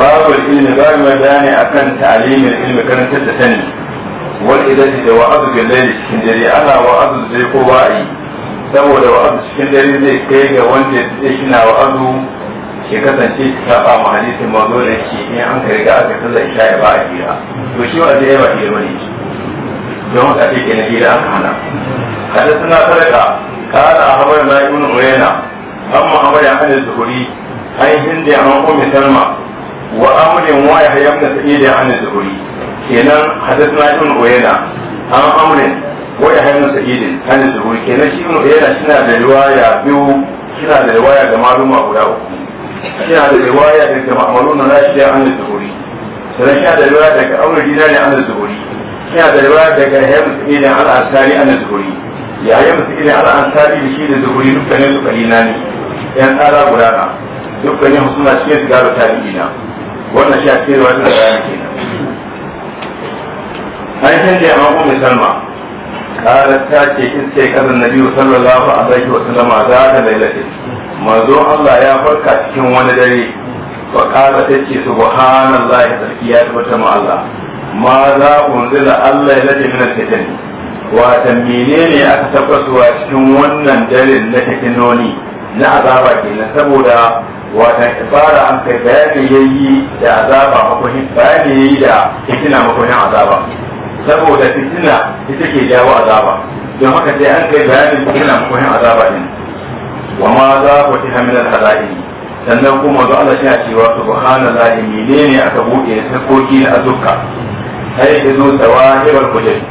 babu ilmi babu madani akan ta'limin ilmi karantar da sani wal idati da wa'azu bil layli cikin dare ana wa'azu zai ko wa'ayi saboda wa'azu cikin dare zai kai ga wanda ya shi na wa'azu ke kasance ta saba ma hadisin mazo da ke in an kai riga aka sallar isha ya ba a jira to shi wa zai ba hira ne don haka ake ke na hira aka hana حدثنا سرقة قال أخبرنا amma عيينة أما أمر عن huri ai هند amma أم Salma. وأمر ويحيى بن سعيد عن الزهري كنا حدثنا ابن عيينة عن أمر ويحيى بن سعيد عن الزهري كنا شيء ابن عيينة شنا بالرواية بيو شنا بالرواية جمالهم biyu شنا بالرواية بالجمالون ناشد عن الزهري uku shi da riwaya daga auren gida ne an zuhuri shi da riwaya daga yayin musulmi ne an ansari an zuhuri yayin musulmi ne an ansari da shi da dukkanin su kalina ne yan tsara gudana dukkanin suna cikin sigaro tarihi na wannan sha ce ruwa ta bayan kenan an canza ya mako mai salma karar ta ce in ce kasan nabi sallallahu alaihi wa sallama za ta lailatin manzo Allah ya farka cikin wani dare wa kara ta ce subhanallah ya sarki ya tabbata ma Allah ma za unzila Allah ya lati min al-fitan wa menene aka tabbatuwa cikin wannan dare na fitinoni na azaba kenan saboda wata ibara an kai bayani yayi da azaba makwahin bayani yayi da fitina makwahin azaba saboda fitina ita ke jawo azaba don haka sai an kai bayanin fitina makwahin azaba din wa ma za ku ci hamilal hadaini sannan kuma zo Allah ya cewa su ne menene aka buɗe sakoki na azuka sai ya zo tawahibar kujeri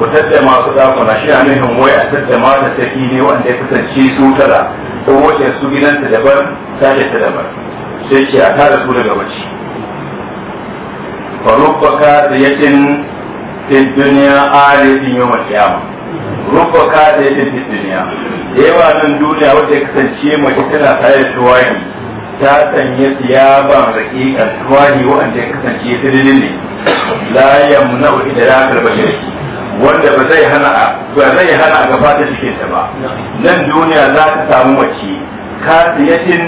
wata masu su dakuna shi a nuhin wai a tattama da saki ne wanda ya kasance su tara ko wace su gidanta daban sashe ta daban sai ke a tara su daga wace farubbaka da yakin tin duniya arifin yau makiyama rubbaka da yakin tin duniya da yawa nan duniya wata ya kasance mace tana tare da tuwani ta sanya siyaban rakikan tuwani wanda ya kasance sirri ne la yamna'u idrakan bashirki wanda ba zai hana a ba zai hana a gaba da cikin ba nan duniya za ta samu mace kasiyatin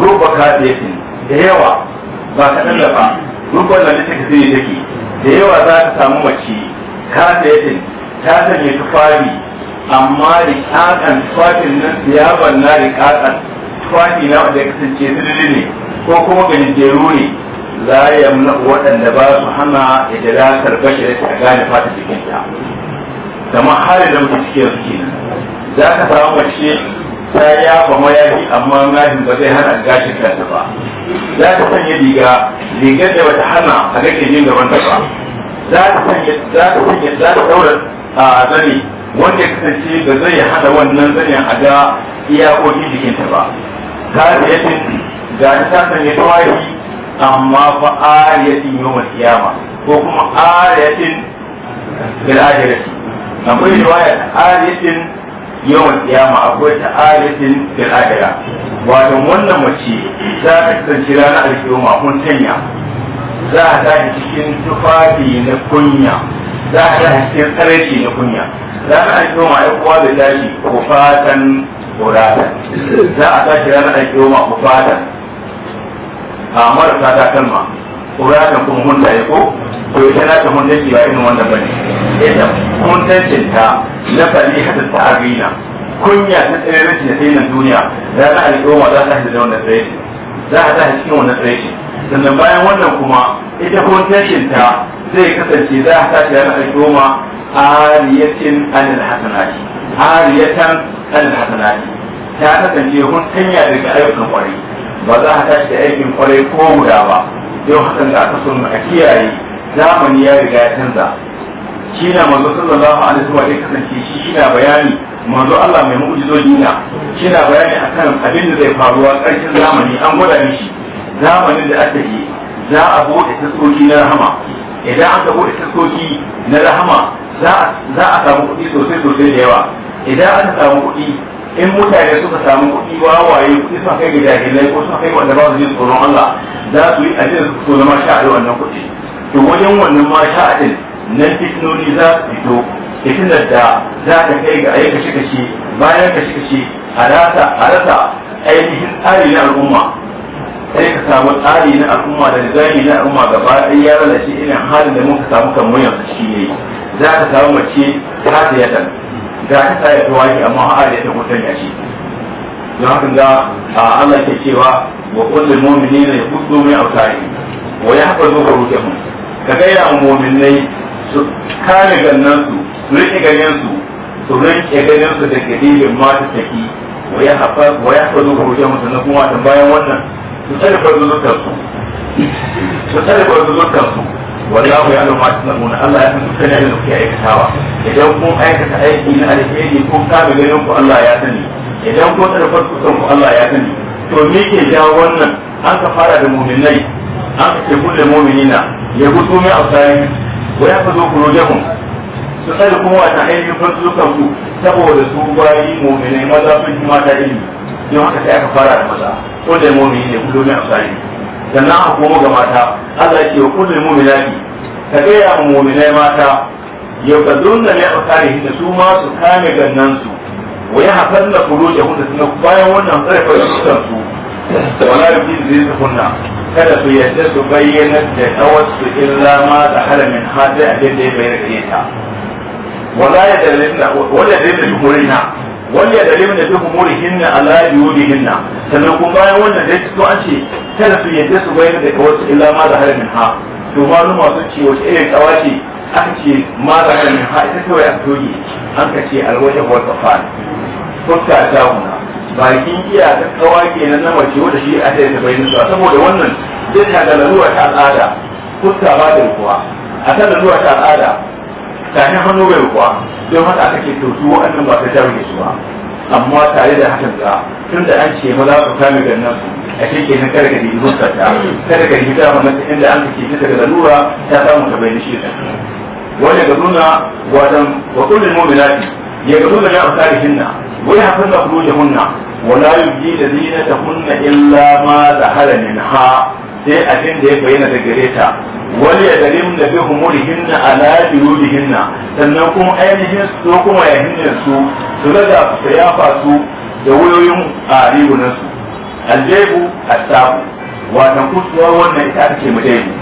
ruba kasiyatin da yawa ba kaɗan da ba na da take sai take da yawa za ta samu mace kasiyatin ta sanya tufafi amma da rikakan tufafin nan siyaban na rikakan tufafi na wanda ya kasance sirri ne ko kuma jeru ne la yamna waɗanda ba su hana idrakar bashar ta gane fata cikin ta kamar halin da mutum cikin su nan. za ka samu mace ta yafa mayafi amma mayafi ba zai hana gashin kanta ba za ta sanya diga rigar da wata hana a ga jin gaban ta ba za ta sanya za ta sanya za ta daura a zani wanda ya kasance ba zai hana wannan zanen a ga iyakokin jikinta ba ka da yadda ga ta sanya tawahi amma fa ariyatin yawmal qiyama ko kuma ariyatin bil akhirati akwai riwaya ariyatin yawmal qiyama akwai ta ayatin bil akhirah wato wannan mace za ta kasance ranar alkiyama kun tanya za a tashi cikin tufafi na kunya za a tashi cikin tsarki na kunya ranar alkiyama ya kuwa da tashi kufatan kuratan za a tashi ranar alkiyama kufatan a marasa ta kalma ko ya ta kuma mun tayi ko ko ita na ta mun tayi ba irin wannan ne. ita mun tancin ta na fali hada ta arina kunya ta tsare rashi da tayin duniya da za a riƙo za ta hada wannan tsaye za a tashi cikin wannan tsaye sannan bayan wannan kuma ita kuma tancin ta zai kasance za a tashi da riƙo a ariyatin anil hasanati ariyatan anil hasanati ta kasance kun tanya daga ayyukan kwarai ba za a tashi da aikin kwarai ko guda ba yau hakan da aka sun a kiyaye zamani ya riga ya canza shi na manzo sallallahu alaihi wasallam ya kasance shi shi na bayani manzo Allah mai mu'jizoji na shi na bayani akan abin da zai faruwa ƙarshen zamani an gwada mishi zamanin da aka yi za a bude taskoki na rahama idan aka bude taskoki na rahama za a samu kuɗi sosai sosai da yawa idan aka samu kuɗi in mutane suka samu kuɗi wawaye kuɗi suka kai ga jahilai ko suka kai wanda ba su jin tsoron Allah za su yi ajiyar su so na ma sha a wannan kuɗi to wajen wannan ma sha a nan fitinoni za su fito fitinar da za ka kai ga ayi kashe kashe bayan kashe kashe a rasa a rasa ainihin tsari na al'umma sai ka samu tsari na al'umma da zani na al'umma gaba ɗaya ya lalace irin halin da muka samu kan muyan shi ne za ka samu mace ta ta yadda ga ta tsaya ta wake amma a da ta mutan ya ce don haka ga Allah ke cewa wa kullu mu'minina yaqutu min awtari wa yahfazu furujahum ya mu'minai su kare gannan su su rike su su rike su da kedibin mata take wa wa furujahum sannan kuma wannan su tsare su tsare wallahu ya alama tasma'una Allah ya san dukkan abin da kuke aikatawa idan kun aikata aiki na alheri kun kame ganin ku Allah ya sani idan kun tsarkar kusan ku Allah ya sani to me ke jawo wannan an ka fara da mu'minai an ka ce kullu mu'minina ya gudu mai afsari wa ya fa zo kurujahum su sai kuma wata aiki kun zukan ku saboda su bayi mu'minai maza sun ji mata ilimi don haka sai aka fara da maza ko da mu'mini ne gudu mai afsari sannan a koma ga mata Allah ce wa kullum mu'minati ka gaya mu mu'minai mata yau ka zunna ne a kare hinda su ma su kame gannan su wa ya hafar da kuroje hunna suna bayan wannan tsarfa da sukan su da wala da zai su kunna. kada su yadda su bayyana da kawarsu illa ma da haramin hada abin da ya bayyana ta wala ya dalilna wala ya dalilna wani ya dalilin da duk muri hinna ala yudi hinna sannan kuma bayan wannan da su an ce tana su yadda su bayar da kawai illa ma da min ha to maluma sun ce wace irin tsawa ce aka ce ma da min ha ita kawai a toge an ka ce alwajen wata fa'al fuska ta huna bakin iya ta ke nan na mace wanda shi a tare da bayin sa saboda wannan zai ta da lalura ta al'ada fuska ba da kuwa a ta lalura ta al'ada tahin hannu bai kuwa don haka aka ce to su wa'annan ba ta jami su ba amma tare da hakan ga tun da an ce maza su kame gannan su a shi ke nan kada ka yi hussar ta kada ka yi dama mata inda an ka ke ta daga lalura ta samu ta bayan shi ta wani ga nuna wadan wa kullum mu'minati ya ga nuna ya amsa hinna wai hafin da kuru da hunna wala yubdi da zina ta hunna illa ma da zahara ha. sai abin da ya bayyana da gare ta wal ya dalim da bi humurihinna ala juludihinna sannan kuma ainihin su kuma ya hinna su su daga su ya su da wayoyin a rigunan su aljaibu asabu watan kusuwar wannan ita take mu daibu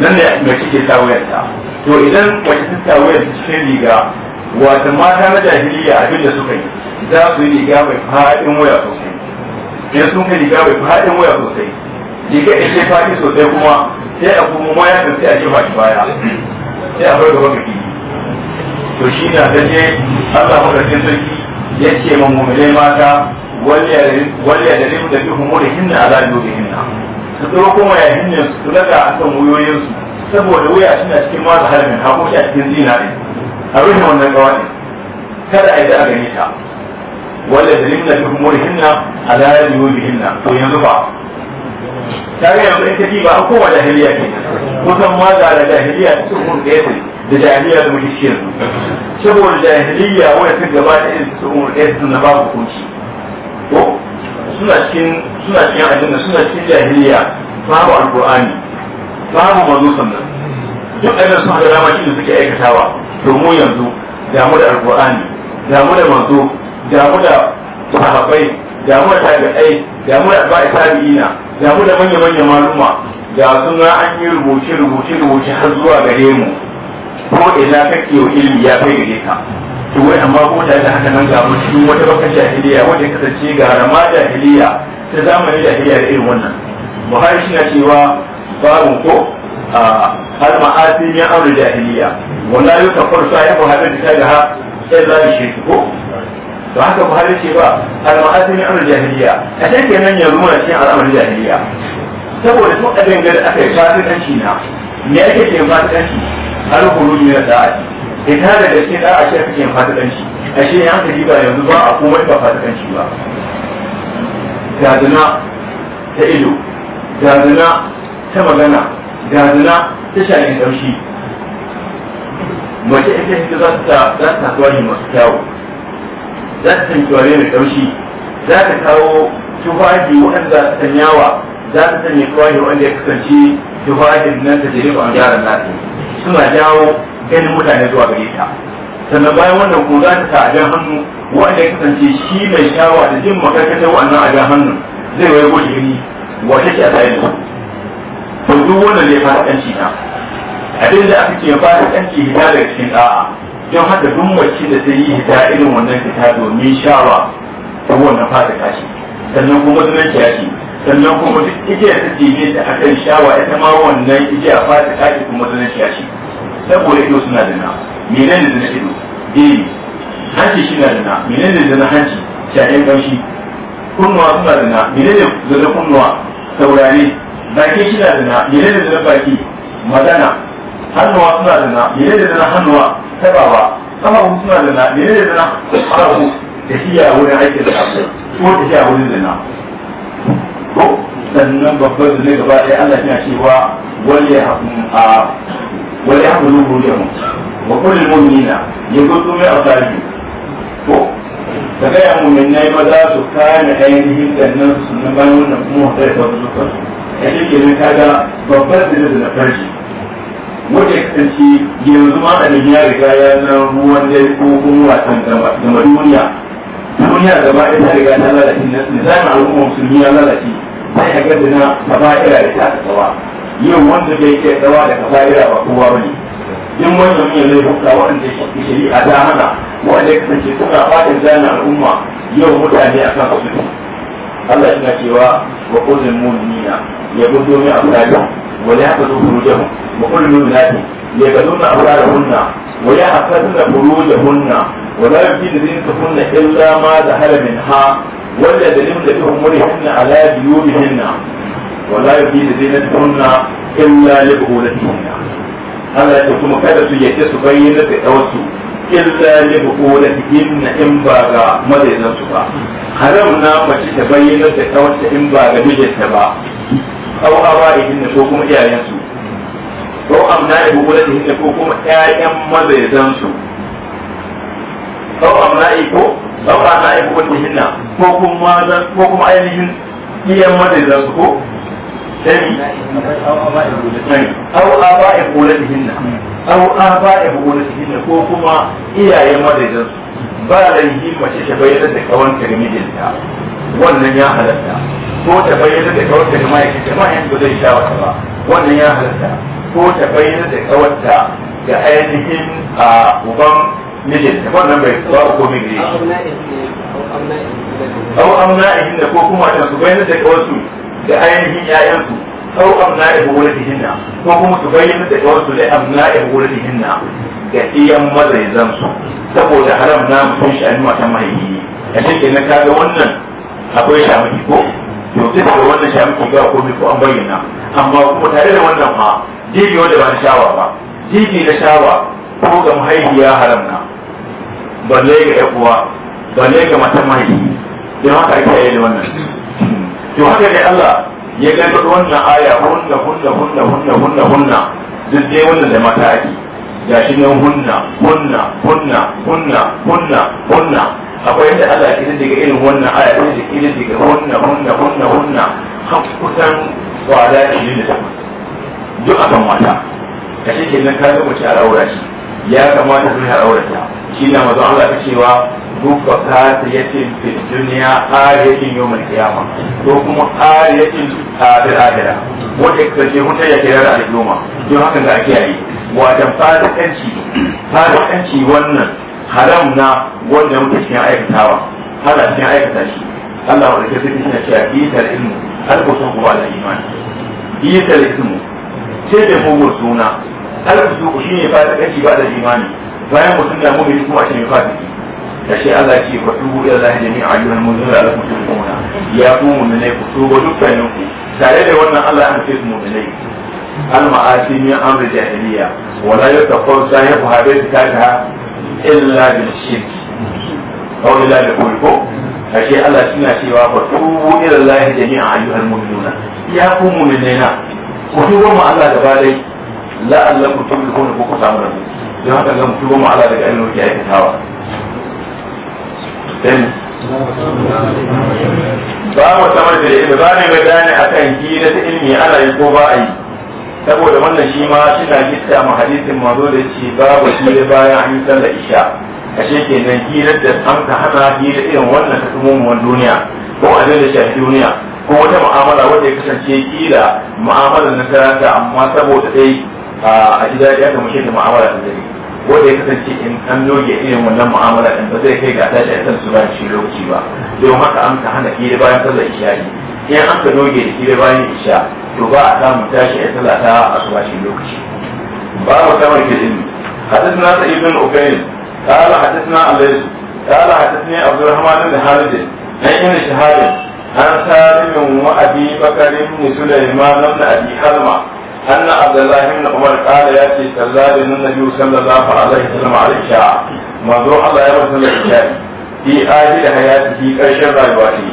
nan ne mai cike ta to idan wace ta tawayar cikin riga wata mata na jahiliya abin da suka yi za su yi riga mai fa'in waya sosai sai sun kai riga mai fa'in waya sosai jike da ke fadi sosai kuma sai a kuma ma ya sai a jefa shi baya sai a bar gaba ga kiki to shi na ta je Allah makarcin sarki ya ce ma mummune mata wani da ribu da fi humur hinna a zaɗi da hinna su tsoro kuma ya hinna su daga a kan su saboda wuya suna cikin mata halin hako shi a cikin ne a rufe wannan gawa ne kada a yi da a gani ta wanda da ribu da fi humur hinna a zaɗi da hinna to yanzu ba kare yanzu in kaji ba an koma jahiliya ke kusan ma da da jahiliya sun mun da yake da jahiliya da muke shi yanzu saboda jahiliya wanda sun gaba da irin su mun da yake na babu kunci ko suna cikin suna cikin aljanna suna cikin jahiliya babu alqur'ani babu manzo sannan duk ɗaya sun ga dama cikin suke aikatawa domin yanzu damu da alqur'ani damu da manzo damu da sahabbai damu da tabi'ai damu da ba'i tabi'ina ga mu da manya-manya maluma ga suna an yi rubuce rubuce rubuce har zuwa gare mu ko ina kake yau ilimi ya kai gare ka to wai amma ko da da haka nan ga mu shi wata baka jahiliya wanda kasance ga rama jahiliya ta zamanin jahiliya da irin wannan buhari shi na cewa babu ko al ma'asi min amr jahiliya wallahi ka farsa ya buhari ta ga ha sai za shi ko to haka buhari ce ba al-ma'asimi amr jahiliya a sai kenan yanzu muna cikin al'amarin jahiliya saboda tun a abin gari aka yi fasikanci na me ake ce fasikanci al-khuruj min da'ati ita da gaske da'a ce ake yin a ashe ya hankali ba yanzu ba a komai ba fasikanci ba gaduna ta ido gaduna ta magana gaduna ta shayin taushi mace ita ita za ta za ta masu kyawu za ta san ware da kaushi za ta kawo tufafi waɗanda sanyawa za ta sanya tufafi wanda ya kasance da nan ta jere ba yaran nasi suna jawo ganin mutane zuwa gare ta sannan bayan wannan ko za ta sa a jan hannu wanda ya kasance shi mai shawa da jin makarkatar wannan a jan hannu zai wai goshi gani wata ke a tsaye da to duk wannan ne fasikanci na abin da aka ce fasikanci hita daga cikin ɗa'a don haka duk wacce da zai yi hita irin wannan fita domin shawa ta wannan fata kashi sannan kuma sunan kiyashi sannan kuma duk igiya ta jibe ta akan shawa ita ma wannan a fata kashi kuma sunan kiyashi saboda ido suna da na menene da na ido eh hanci shi na da na menene da na hanci shayen ƙamshi kunnuwa suna da na menene da na kunnuwa saurare baki shi na da na menene da na baki magana hannuwa suna da na menene da na hannuwa sama sababin suna da na ne ne da na arabu da shi ya wurin aikin da abu ko da shi ya wurin da na ko sannan babban zane gaba ɗaya Allah yana cewa wal ya a wal ya hakun ruriyahum wa kullu mu'minina yaqutu min asalihi ko da ga yan mu'minai maza su kana ainihin dannan su na bayan wannan kuma da ta zuwa ta ke ne kaga babban zane da na farji wajen kanci yanzu ma da ya riga ya zan ruwan dare ko kuma wasan gama duniya duniya gaba ɗaya ta riga ta lalace mu al'umma musulmi ya lalace sai a gadi na kaba'ira da ta tsawa yau wanda bai ke tsawa da kaba'ira ba kowa ba ne in wanda mun yanzu ya fuka wanda shari'a ta hana wanda ya kasance suna fadin mu al'umma yau mutane a kan su Allah na cewa wa kuzin na ya gudu min afdalin ولا يحفظوا فروجهم وكل المؤمنات يكذبن أولادهن ولا يحفظن فروجهن ولا يبدين زينتهن إلا ما ظهر منها ولا دليل لأمورهن على جيوبهن ولا يبدين زينتهن إلا لبغولتهن Allah ya kuma kada su yake su bayyana da ɗawarsu illa li buqulatihin in ba ga madainan su ba haram na mace ta bayyana da ɗawarta in ba ga mijinta ba aw aba'ihin ko kuma iyayen su ko amna ibu waladihin ko kuma ƴaƴan mazaizan su ko amna ko aw ana ibu waladihin ko kuma ko kuma ainihin iyan mazaizan su ko sani aw aba'ihin waladihin aw aba'ihin waladihin ko kuma iyayen mazaizan su ba laifi mace ta da kawanta ga wannan ya halatta ko ta bayyana da kawarta ga ma'aiki jama'in da zai sha wata ba wannan ya halatta ko ta bayyana da kawarta ga ainihin a uban mijin ta wannan bai tsawa ko miji au amna'ihin da ko kuma ta su bayyana da kawarsu ga ainihin ƴaƴansu au amna'ihu hinna ko kuma su bayyana da kawarsu da amna'ihu wulatihinna ga iyan mazaizansu saboda haram na mutum shi a matan mahaifi a cikin na kaga wannan akwai shamaki ko to sai da wannan shi muke ga komai ko an bayyana amma kuma tare da wannan ma jiji wanda ba na shawa ba jiji na shawa ko ga mahaifiya haramna balle ga ƴan uwa balle ga matan mahaifi don haka ake yi da wannan to haka dai Allah ya gani wannan aya hunna hunna hunna hunna hunna hunna duk dai wannan da mata ake shi nan hunna hunna hunna hunna hunna hunna akwai da Allah ke daga irin wannan aya ɗin da ke daga hunna hunna hunna hunna har kusan tsada ke da sama duk akan mata a cikin nan ka zama a raura shi ya kamata su ya raura ta shi na mazo Allah ka cewa duk ka ta yace fil dunya ayatin yawmal qiyama ko kuma ayatin fil akhirah wanda ka ce huta ya kira da al'umma don haka ga ake yi wa dan fasikanci fasikanci wannan haram na wanda muke cikin aikatawa hala cikin aikata shi Allah wa rike sai shi ya isa ilmu har ko sun kuma da imani isa ilmu sai da mugun suna har ku su shi ne fata kashi ba da imani bayan mutum da mu'mini kuma shi ne fata kashi Allah ce wa tubu ila Allah jami'a ayyuhal mu'minuna la tushriku ya ku mu'minai ku tubu dukkaninku tare da wannan Allah an ce mu'minai المعاصي من امر الجاهليه ولا يتقون صاحبها بارتكابها الا بالشرك او الا بالكفر ashe Allah suna cewa fa tubu ila Allah jami'a ayyuhal mu'minuna ya ku mu'minina ku tuba mu Allah gaba dai la Allah ku tubu ku ku samu rabu don haka ga tuba mu Allah daga da yake ba mu samar da akan hira ta ilmi ana yi ko ba a yi saboda wannan shi ma suna gita ma hadisin mazo da ce babu hira bayan an yi sallar isha ashe kenan hirar da an ka hana hira irin wannan ta tumumin duniya ko abin da shafi duniya ko wata mu'amala wadda ya kasance kila mu'amala na karanta amma saboda dai a gida ya kama shi da mu'amala ta dare wanda ya kasance in an doge irin wannan mu'amala din ba zai kai ga tashi a kan su ba shi lokaci ba don haka an ka hana hira bayan sallar isha in an ka doge da hira bayan isha to ba a samu tashi a talata a sumashi lokaci ba a kamar ke jini hadis na sa'id bin ubayn qala hadathna alayhi qala hadathni abdurrahman bin halid na ibn shahab an sa'id bin abi bakr bin sulaiman bin abi halma anna abdullah bin umar qala ya ti sallallahu bin nabi sallallahu alaihi wasallam alayhi ma du Allah ya rasulullah sallallahu alaihi wasallam di ahli hayati di qashr rayati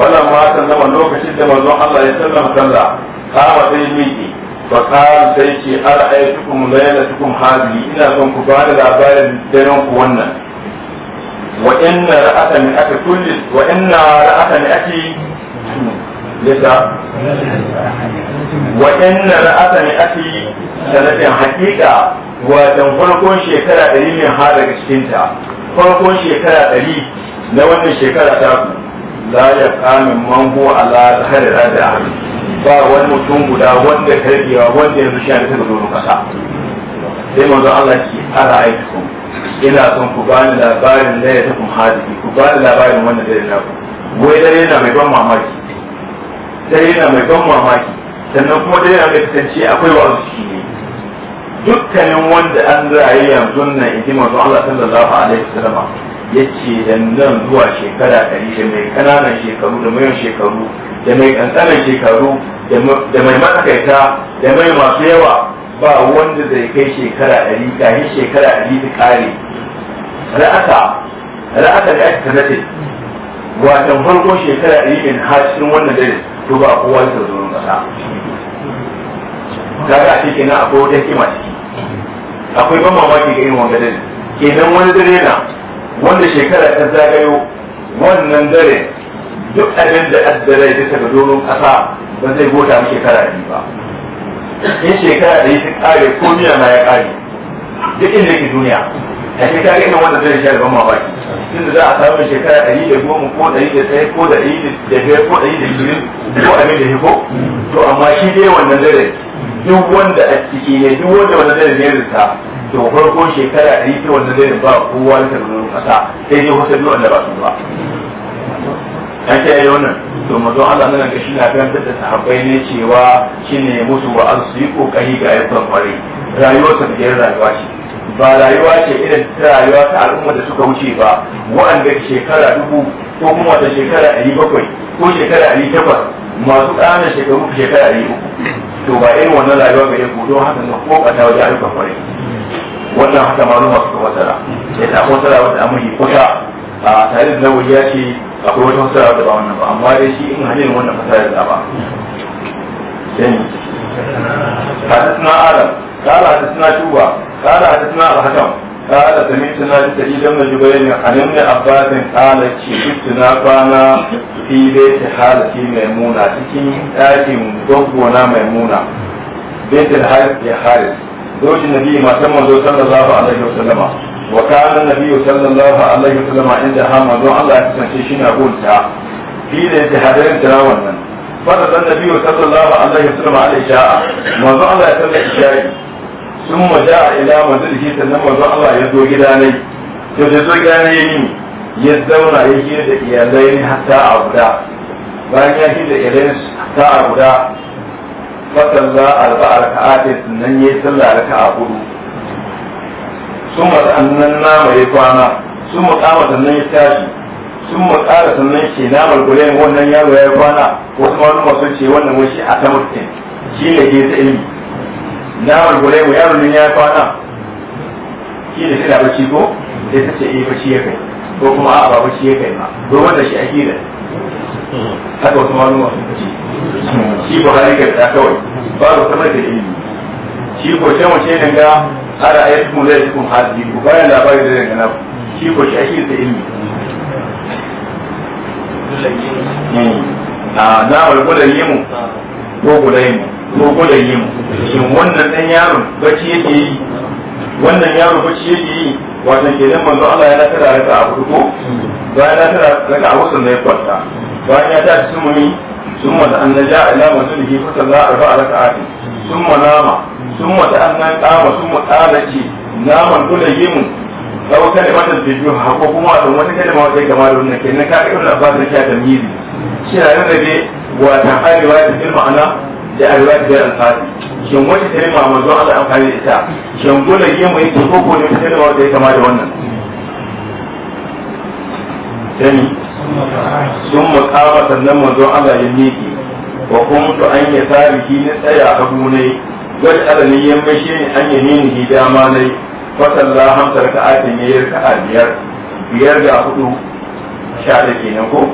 bala ma sallama lokacin da manzo Allah ya sallama sallallahu kawa sai miƙe fa kawo sai ce ara ai tukum laila tukum hadi ina son ku ba da labarin daren ku wannan wa inna ra'ata min aka kulli wa inna ra'ata min aki lita wa inna ra'ata min aki sanatin haƙiƙa watan farkon shekara ɗari min ha daga cikinta farkon shekara ɗari na wannan shekara ta ku la ya kamin man huwa ala tahrir da ahli ba wani mutum guda wanda ya karbewa wanda yanzu shi ne ta zo kasa sai manzo Allah ki ara aiku ina son ku bani labarin da ya tafi hadisi ku bani labarin wanda zai na ku wai dare yana mai ban mamaki dare yana mai ban mamaki sannan kuma dare yana mai kasance akwai wa shi ne dukkanin wanda an rayu yanzu na in ji manzo Allah sallallahu alaihi wasallam ya ce da nan zuwa shekara ɗari da mai ƙananan shekaru da mayan shekaru da mai ƙanƙanan shekaru da mai matsakaita da mai masu yawa ba wanda zai kai shekara ɗari kafin shekara ɗari ta kare. ra'aka ra'aka da aka zace watan farko shekara ɗari in har cikin wannan dare to ba kowa zai zo ƙasa ga a cikin akwai wata hikima ciki akwai ban mamaki ga irin wanda dare kenan wani dare na wanda shekara ta zagayo wannan dare duk abin da addare da ta doron kasa ba zai gota mu shekara ɗari ba in shekara ɗari ta ƙare ko miya ma ya ƙare duk inda ke duniya a shekara ina wanda zai sha ban mamaki tun da za a samu shekara ɗari da goma ko ɗari da ɗaya ko da ɗari da biyar ko ɗari da biyu ko abin da hiko to amma shi dai wannan dare duk wanda a ciki ne duk wanda wannan dare ne ya to farko shekara ɗari ta wanda zai ba kowa da tabbin ƙasa sai dai wasu biyu wanda ba su ba ya ce ya wannan to mazan Allah nan ga shi na fahimtar da sahabbai ne cewa shi ne musu wa su yi kokari ga ayyukan kwarai rayuwar ta biyar rayuwa ce ba rayuwa ce irin ta rayuwa ta al'umma da suka wuce ba wa'anda shekara dubu ko kuma wata shekara ɗari bakwai ko shekara ɗari takwas masu ƙana shekaru shekara ɗari uku to ba irin wannan rayuwa ga yanku don haka na kokata wajen ayyukan kwarai wannan haka maluma suka wasara sai ta wasara wata amuri kusa a tare da nawawi ya ce akwai wata wasara da ba wannan ba amma dai shi in hadirin wannan fasara da ba حدثنا آدم قال حدثنا شوبة قال حدثنا الحكم قال سمعت ناس سعيد بن جبير عن ابن عباس قال شفتنا كان في بيت خالتي ميمونة تكين تاكي مدوبنا ميمونة بيت الحارث يا حارث زوج النبي ما تم صلى الله عليه وسلم وكان النبي صلى الله عليه وسلم عندها منذ الله يكسنشي شنا قولتا في الانتحارين تراونا فرض النبي صلى الله عليه وسلم على العشاء منذ الله يسلم العشاء ثم جاء إلى منزله سلم منذ الله يدو جداني يدو جداني يدونا يجي لإيالين حتى أبدا bayan ya shi da irin ta guda fasalla arba'a raka'atin sannan yayi sallah raka'a hudu sun annan nama ya kwana sun kama sannan ya tashi sun mutsara sannan ce namar gulen wannan yaro ya kwana wasu wani masu ce wannan wani shi a ta mutum shi ne ke ta ilimi namar mu yaro ne ya kwana shi ne kina bacci ko sai ta ce eh bacci ya kai ko kuma a'a ba bacci ya kai ma domin da shi a haka wasu maluma sun kace shi buhari ka ta kawai babu kamar da ilimi shi ko sai mace ne ga ara ayatukum la yatukum hadi ku bayan labari da dangana shi ko shi ake da ilimi hmm. a ah, na walgo da yimu ko guda yimu ko guda yimu shin wannan dan yaron bacci yake yi wannan yaro bacci yake yi wannan kenan manzo Allah ya tara raka a ya tara raka a wasan da ya kwanta ya tashi sumuni da an naja ila masulihi fa salla arba raka'atin summa nama sun da an nan kama summa qala ce naman kula yimu kawo kalimatan da biyu hako kuma don wata ma wata kama da wannan kenan ka ga ibn Abbas ya ta shi na yana da wata hali wa ta ma'ana da arwat da ansari shin wani sai ma manzo Allah amfani da ita shin dole ne mu yi ko ne sai da wanda ya kama da wannan sani sun makama sannan manzo Allah ya miƙe wa kuma kuntu an ya tarihi ni tsaya a gunai wal alani ya mashi ni an ya nini hidama nai fa sallah hamsa raka'atin ya yi raka'a biyar biyar da hudu sha da kenan ko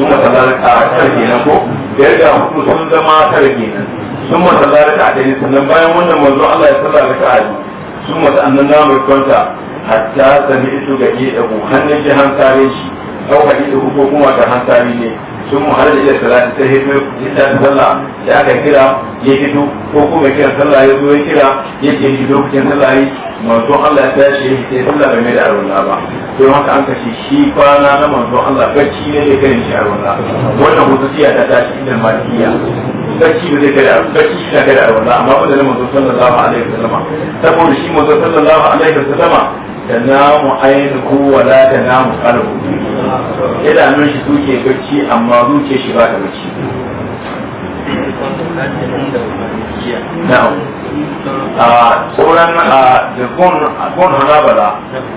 sun masallar a tare nan ko da ya ga hudu sun zama tare kenan sun masallar a tare sannan bayan wannan manzo Allah ya sallar a yi sun masallar na mai kwanta hatta sami isu ga ke da hannun shi hansare shi au hadi da ko kuma da hansari ne sun mu halar da salati sai hito ita sallah da aka kira ya hito ko kuma kira sallah ya zo ya kira ya ke lokacin sallah manzo Allah ya tashi ya hito sallah bai mai da arwala ba don haka an kashe shi kwana na manzo Allah bacci ne zai kare shi a ruwa wannan siya ta tashi inda malikiya bacci ba zai kare bacci shi na kare a ruwa amma wanda na manzo sallallahu alaihi wasallama saboda shi manzo sallallahu alaihi wasallama da namu ayin ko wala da namu qalbu idanun shi suke bacci amma zuciyar shi ba ta bacci na'am uh, sauran uh, da kon hanabala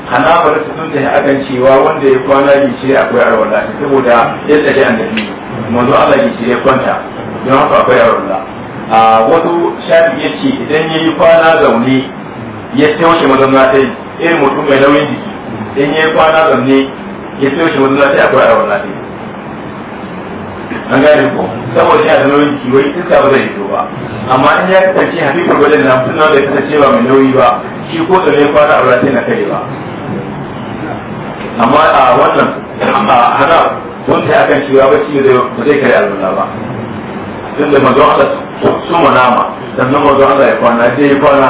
hanabala su tun da akan cewa wanda ya kwana yi ce akwai arwala saboda ya tsaye annabi manzo Allah ya ce ya kwanta don haka akwai arwala a uh, wasu shafi ya ce idan ya yi kwana zaune ya taushe mazauna ta yi irin mutum mai nauyin jiki in ya yi kwana zaune ya taushe mazauna ta yi akwai arwala ta an gane ko saboda yana da nauyin kiwai iska ba zai fito ba amma in ya kasance habibu wajen na mutum da ya kasance ba mai nauyi ba shi ko da ne kwana a ratai na kai ba amma a wannan a hana wanda kan cewa ba shi ba zai kare alwala ba tun da mazan Allah su nama sannan mazan Allah ya kwana sai ya kwana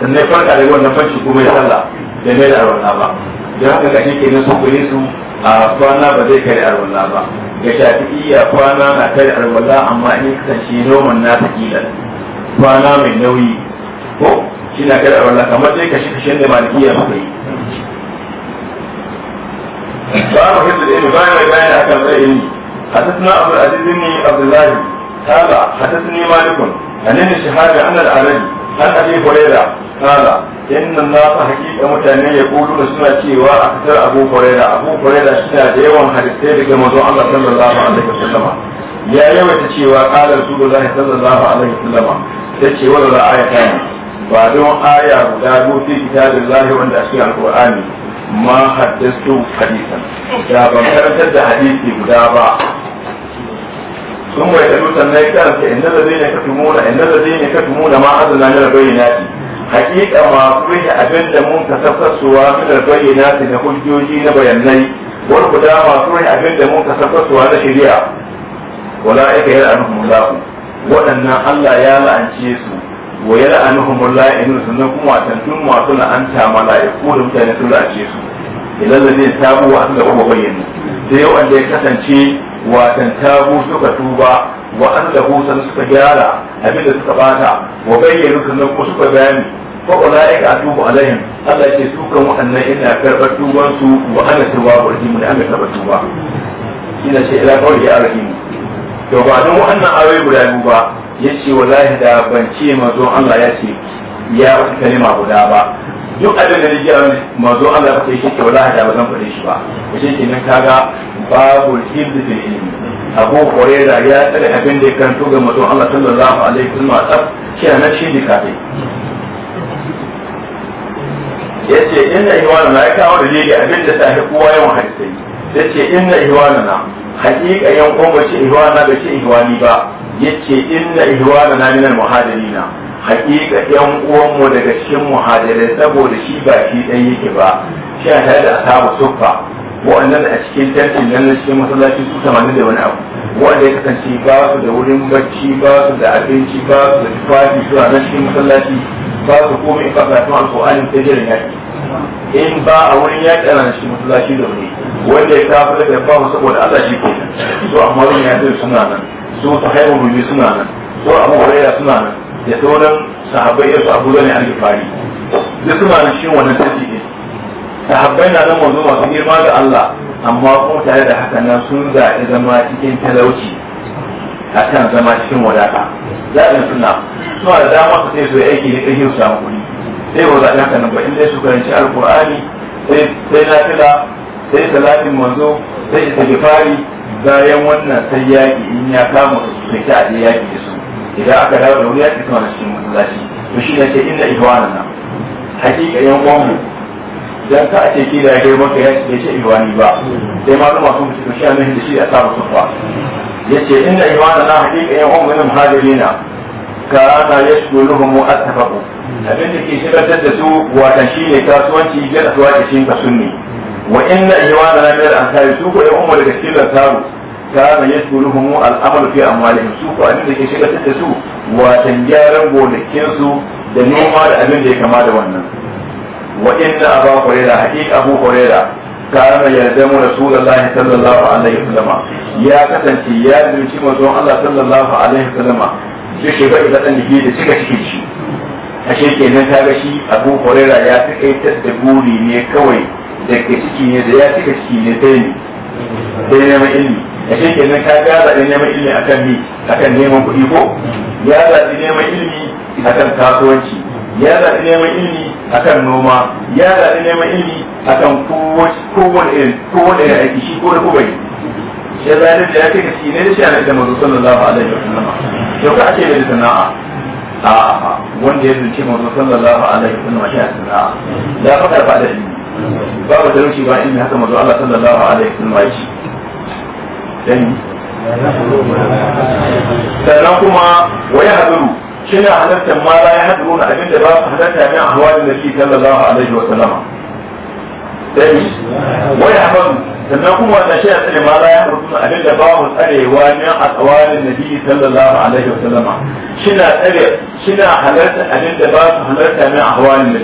sannan ya farka da wannan fanci kuma ya sallah da mai da alwala ba da haka ga yake nan sun gure su a kwana ba zai kai alwala ba ga shafi iya kwana na kai alwala amma in ka san shi noman na takila kwana mai nauyi ko shi na kai alwala kamar dai ka shi da da malikiya ba kai ba a hisu da ilmi bayan mai bayan da aka zai ilmi a tattuna abu a jirgin ni abdullahi kala a tattuni malikun a nini shahada an al'arari an abin horera kala inna nasa hakika mutane ya kudu suna cewa a fitar abu huraira abu huraira shi da yawan hadisai daga manzon Allah sallallahu alaihi wasallama ya yawaita cewa kala rasulullah sallallahu alaihi wasallama ta ce wa la ne ba don aya guda biyu fi kitabillahi wanda ake alqur'ani ma haddasu hadisan da ban karantar da hadisi guda ba sun bai da dutsen na yi karanta inda da zai ne ka da inda da zai ne ka tumuna ma azana na bayyana hakika masu rufe abin da mun su da bayyana su da hujjoji na bayanai wani guda masu rufe abin da mun kasafasuwa na shari'a wala aka yi la'anuhumullahu waɗannan Allah ya la'ance su wa ya la'anuhumullahu inu sannan kuma tantun masu la'anta mala'iku da mutane sun la'ance su idan da zai tabu wa Allah kuma bayyana sai wanda ya kasance watan tabu suka tuba wa Allah san suka gyara abin da suka bata wa bayyana sannan ko suka bayani fa ulaika atubu alaihim Allah yake su kan waɗannan ina karɓar tuban su wa ana tawwabur rahim da ana karɓar tuba ina ce ila kawai ya rahim to ba don waɗannan ayoyi guda biyu ba yace wallahi da ban ce manzon Allah ya ce ya wata kalima guda ba duk abin da nake yawan mazo Allah ba sai shi wallahi da ba zan fade shi ba shi ke nan kaga babu ilmi da ilmi Abu Huraira ya tsare abin da ya karanto ga mazo Allah sallallahu alaihi wasallam a tsaf shi na shi dika dai yace inna ihwanana ya kawo da lege abin da sai kowa yawan hadisi yace inna na haƙiƙa yan kuma ce ihwana ba ce ihwani ba yace inna ihwanana muhadari na. hakika yan uwanmu daga cikin muhajirai saboda shi ba shi dai yake ba shi a tare da ashabu suffa wa'annan a cikin tantin nan cikin masallaci su tamanin da wani abu wanda ya kasance ba su da wurin bacci ba su da abinci ba su da tufafi su a nan cikin masallaci ba su komai ba su alƙur'ani sai jiran yaƙi in ba a wurin yaƙi ana cikin masallaci da wuri wanda ya kafa da ba mu saboda Allah shi ke so amma wurin yaƙi suna nan so sahihu rubi suna nan so abu hurairah suna nan da sauran sahabbai ya su abu zane alifari da suna nan shi wannan tafi ne sahabbai na nan wanzu masu girma ga Allah amma kuma tare da haka nan sun zaɓi zama cikin talauci a kan zama cikin wadata zaɓin suna suna da dama su sai su yi aiki da ƙarfi su samu kuɗi sai ba zaɓi haka nan ba in dai su karanci alƙur'ani sai na fila sai salatin manzo sai istighfari bayan wannan sai yaƙi in ya kama su sai ta je yaƙi da su idan aka dawo da wuri ya fito na cikin masallaci to shi ne ce inda ihwanan nan hakika yan uwan mu dan ka ce ki da ya maka ya ce ihwani ba sai ma kuma sun fito shi a nan da shi a samu sufa yace inda ihwanan nan hakika yan uwan mu ne mu kana yashguluhum mu'attafaqu abin da ke shigar da su watan shi ne kasuwanci ga shi cikin sunni. wa inna ihwana na bil ansari su ko yan uwan daga cikin lansaru kana yashghuruhum al-amal fi amwalihim su ko abin da ke shiga da su watan gyaran gonakin da noma da abin da ya kama da wannan wa inna aba hurayra haqiqa abu hurayra kana yardamu rasulullahi sallallahu alaihi wasallam ya kasance ya dinci manzon Allah sallallahu alaihi wasallam shi shiga da da cikin shi kenan ta ga shi abu horera ya takaitar da buri ne kawai daga ciki ne da ya cika ciki ne sai ne sai ne mai ilmi ke nan ka ga zaɓi neman ilimi a kan neman kuɗi ko ya zaɓi neman ilimi a kan kasuwanci ya zaɓi neman ilimi a kan noma ya zaɓi neman ilimi a kowane irin kowane irin aiki shi ko da ko bai ya zaɓi da ya kai ka shi ne da shi a da mazu sallallahu alaihi wa sallama yau ka ake da sana'a a wanda ya zuci mazu sallallahu alaihi wa sallama shi a sana'a ya faɗa ba da ilimi babu talauci ba ilimi haka mazu Allah sallallahu alaihi wa sallama ya sannan kuma waya haduru shi ne halartar ma ya haduru na abin da ba su halarta min a hawalin da shi sallallahu alaihi wa sallama dai waya haduru sannan kuma wanda shi ya tsare ma ya haduru na abin da ba su tsarewa min a tsawalin da sallallahu alaihi wa sallama shi na tsare shi na halarta abin da ba su halarta min a hawalin da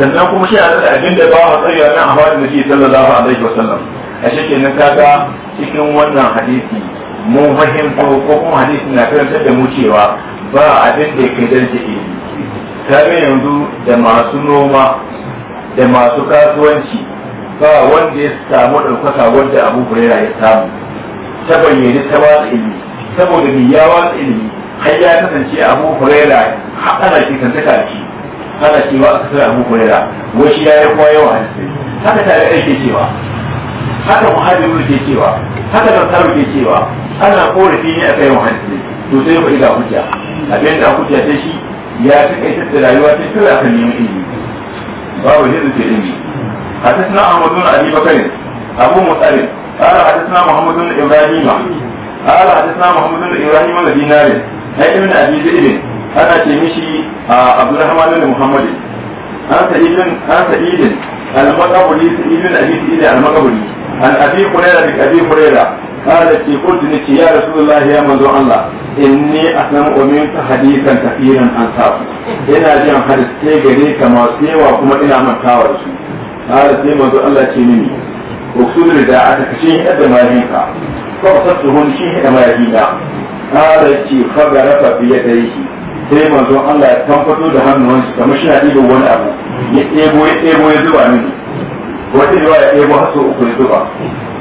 sannan kuma shi na tsare abin da ba su tsarewa min a hawalin da shi sallallahu alaihi wa sallam. a shi na kaga cikin wannan hadisi mun fahimto ko kuma hadisi na karantar da mu cewa ba abin da ke dan jiki kaga yanzu da masu noma da masu kasuwanci ba wanda ya samu ɗaukaka wanda abu hurera ya samu ta bayyane ta watsa ilimi saboda ni ya watsa ilimi har ya kasance abu hurera ana shi kan taka shi ana cewa aka abu hurera wai shi ya yi kowa yawa haka tare ake cewa haka muhaji ke cewa haka da tsaro ke cewa ana korafi ne a kayan hanci to sai ku iga hujja abin da hujja ta shi ya fi kai tattara rayuwa ta tura kan neman ilimi babu hizu ke ilimi hata suna na bakarin abu ala suna suna da dinarin na ilimin da ana ce mishi a da muhammadu an an an abi hurera da abi hurera kada ce kuntu ne ya rasulullahi ya manzo Allah inni asan umin ta hadisan kafiran an safu ina jin hadisai gare ka masu yawa kuma ina mantawa da su kada sai manzo Allah ce mini usul da aka kashe yadda mahinka ko sassuhun shi da mahina kada ce fagarafa biye da yake sai manzo Allah ya tamfato da hannun shi kamar shi na wani abu ya ɗebo ya ɗebo ya zuba mini wata ya ɗaya ba haso uku ya zuba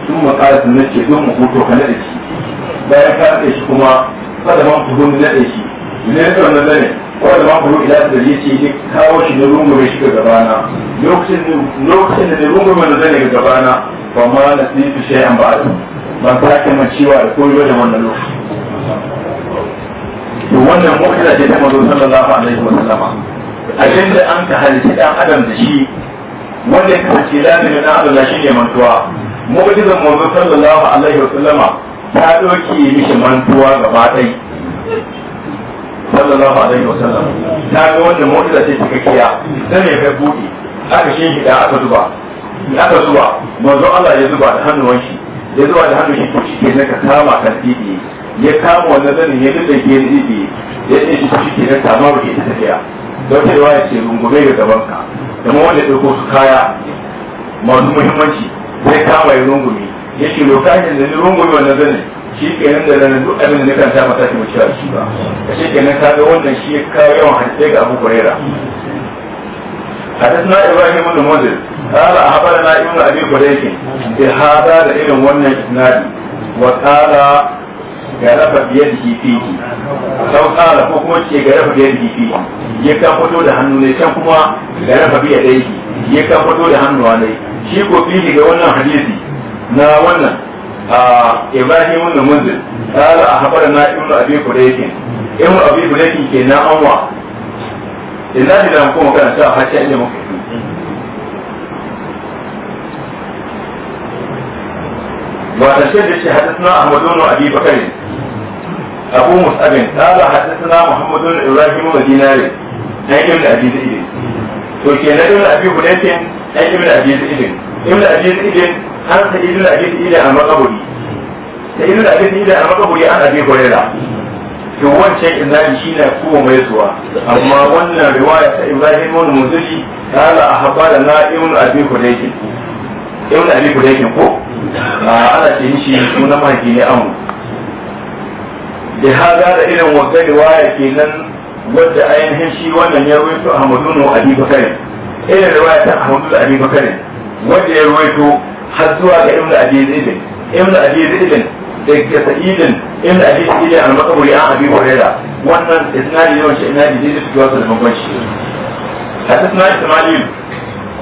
sun makara na nace don mu hoto ka na shi bayan ka naɗe shi kuma fada man fuhu na naɗe shi ne ya tsaron nan ne wanda man fuhu ila da ya ce ne kawo shi na rungume shi ga gabana lokacin da ne rungume na zane ga gabana ba ma na sai fi shayan ba adam ba ta ke man ciwa da koyo da wannan lokaci to wannan mu'jiza ce ta manzo sallallahu alaihi wa sallama abinda an ka halitta dan adam da shi wanda ya kasance lamin na Allah shi ne mantuwa mu'jizan manzo sallallahu alaihi wa sallama ta doki mishi mantuwa gaba ɗai sallallahu alaihi wa sallam ta ga wanda mu'jiza ce cikakkiya sai ya kai buɗe aka shi da aka zuba aka zuba manzo Allah ya zuba da hannuwan shi ya zuba da hannun shi ko shi ke ka kama kan didi, ya kama wannan zanin ya dinda ke didi, ya ce shi shi ke na kama ba ke tafiya don cewa ya ce rungume ga gabanka kamar wanda ɗauko su kaya masu muhimmanci zai kama ya rungumi ya ce lokacin da ni rungumi wannan zanen shi kenan da nan duk abin da na ta mata ke mace shi ba a shi kenan ka ga wannan shi ya kawo yawan hadisai ga abu kurera حدثنا ابراهيم بن منذر قال اخبرنا ابن ابي ke بهذا da irin wannan isnadi وقال garafa biyar da fihi sau kala ko kuma ce garafa biyar da fihi ya kan fito da hannu ne can kuma garafa biyar da yake ya kan fito da a nai shi ko fihi ga wannan hadisi na wannan Ibrahim ibn Munzir kala a habar na ibn Abi Quraykin ibn Abi ke na anwa ina da mu kuma kana ta hacce inda muke وأنا شهدت حدثنا أحمد بن أبي بكر أبو مصعب قال حدثنا محمد بن إبراهيم ودينار عن ابن أبي زيد وكان ابن أبي هريرة عن ابن أبي زيد ابن أبي زيد عن سعيد بن أبي زيد عن مقبولي سعيد بن أبي زيد عن مقبولي عن أبي هريرة to wancan ibrahim shi na kowa mai zuwa amma wannan riwaya ta ibrahim wani muzuri kala a haɓara na ibn abi hudaykin ibn abi hudaykin ko ana ce shi sunan mahaifi ne amu da haza da irin wata riwaya kenan wadda ainihin shi wannan ya ruwaito Ahmadu wa Abi Bakar irin riwaya ta Ahmadu da Abi Bakar wadda ya ruwaito har zuwa ga Ibn Abi Zaid Ibn Abi Zaid daga Sa'idin Ibn Abi Sa'id al-Maqburi an Abi Hurairah wannan isnadi ne wanda ina da su tuwa da bambanci حدثنا إسماعيل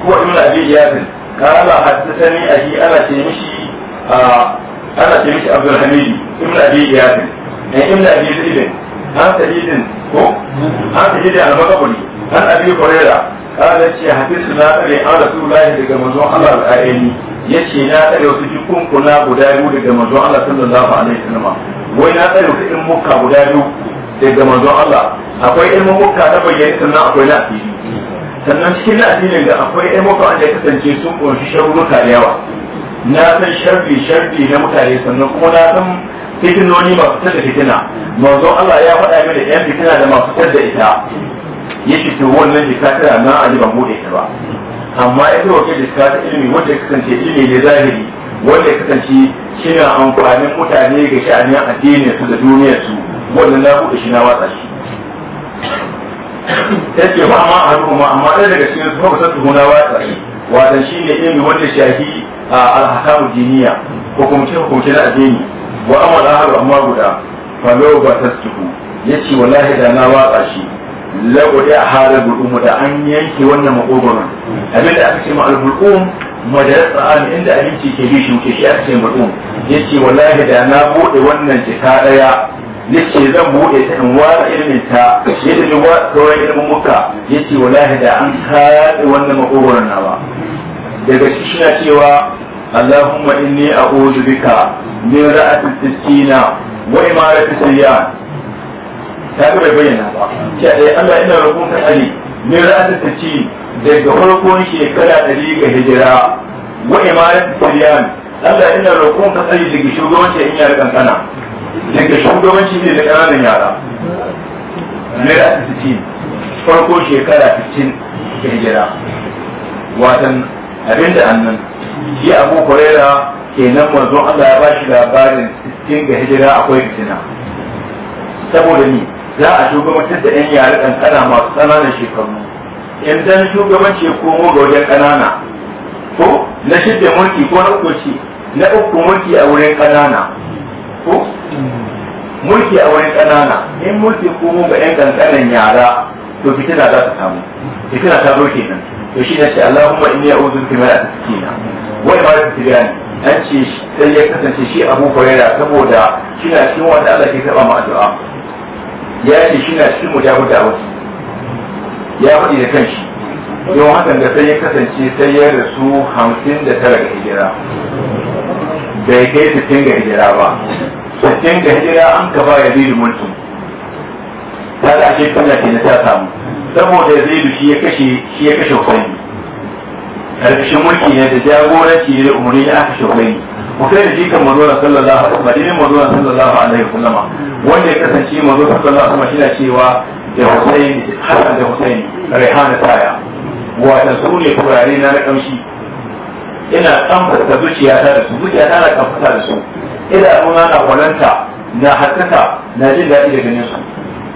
هو ابن أبي جابر قال حدثني أبي أنا تيمشي أنا تيمشي عبد الحميد ابن أبي جابر ya eh, illa bi sa'idin an sa'idin ko an sa'idin al-makabuli an abi hurairah kada ce hadisu na tsare an rasulullahi daga manzon Allah al-aini yace na tsare wasu jikunkuna guda biyu daga manzon Allah sallallahu alaihi wasallam wai na tsare wasu ilmuka guda biyu daga manzon Allah akwai in ilmuka na bayyana sannan akwai na asiri sannan cikin na asirin da akwai in ilmuka wanda ya kasance sun ƙunshi sharuruka da yawa na san sharbi sharbi na mutane sannan kuma na san fitinoni masu fitar da fitina manzon Allah ya faɗa mini yan fitina da masu fitar da ita ya shi to wannan jika tana nan a ban buɗe ta ba amma ya zo wata jika ta ilimi wanda ya kasance ilimi ne zahiri wanda ya kasance shina amfanin mutane ga sha'anin addinin su da duniyar su wannan na buɗe shi na watsa shi yake ba ma a ruma amma ɗaya daga cikin su kuma su na watsa shi wadan shi ne ilimi wanda shafi a alhakamu jiniya hukumce hukumce na addini wa amma al'ahar amma guda falo ba ta suku ya ce wallahi da na watsa shi lagode a halar bul'ummu da an yanke wannan makogoron abin da aka ce ma al-bul'um madarasa an inda abinci ke bi shi ke shi aka ce bul'um ya ce wallahi da na buɗe wannan jika ɗaya ya ce zan buɗe ta in wara ilimin ta ya ce wa sauran ilimin muka ya ce wallahi da an kaɗe wannan makogoron nawa daga shi shi cewa اللهم إني أعوذ بك من رأة السكينة وإمارة السيان ta ga bai bayyana ba ce eh Allah ina roƙon ka tsare ne ra'atul taci daga farkon shekara ga hijira Allah ina roƙon ka tsare daga shugabanci in yara kankana daga shugabanci ne da ƙananan yara ne ra'atul farko shekara 60 ga hijira watan abinda annan shi abu huraira kenan manzon Allah ya bashi labarin cikin ga hijira akwai fitina saboda ni za a shugabantar da 'yan yare ƙanƙana masu ƙananan shekaru in dan shugabanci ko komo ga wajen ƙanana ko na shidda mulki ko na uku ce na uku mulki a wurin ƙanana ko mulki a wurin ƙanana in mulki komo ga 'yan ƙanƙanan yara to fitina za ta samu fitina ta zo kenan to shi ne ce Allahumma inni a'udhu bika min Wani ba ta tijani an ce sai ya kasance shi abu huraira saboda shina cikin wanda Allah ke taba ma addu'a ya ce shina cikin mujabu da wasu ya faɗi da kanshi Yau hakan da sai ya kasance sai ya rasu hamsin da tara ga hijira bai kai sittin ga hijira ba sittin ga hijira an ka ba ya zai mulkin ta da ake kuma ke na ta samu saboda zai shi ya kashe shi ya kashe karkashin mulki ne da jagoranci ne da umarni ya aka shugabanni mu kai da jikan mazo sallallahu alaihi madinin mazo na sallallahu alaihi wasallam wanda ya kasance mazo sallallahu alaihi wasallam shine cewa da Husaini Hassan da Husaini Rayhana Taya wata su ne turare na na kamshi ina kamfata zuciyata da su zuciyata na kamfata da su ina muna na kwalanta na haskaka na jin daɗi da ganin su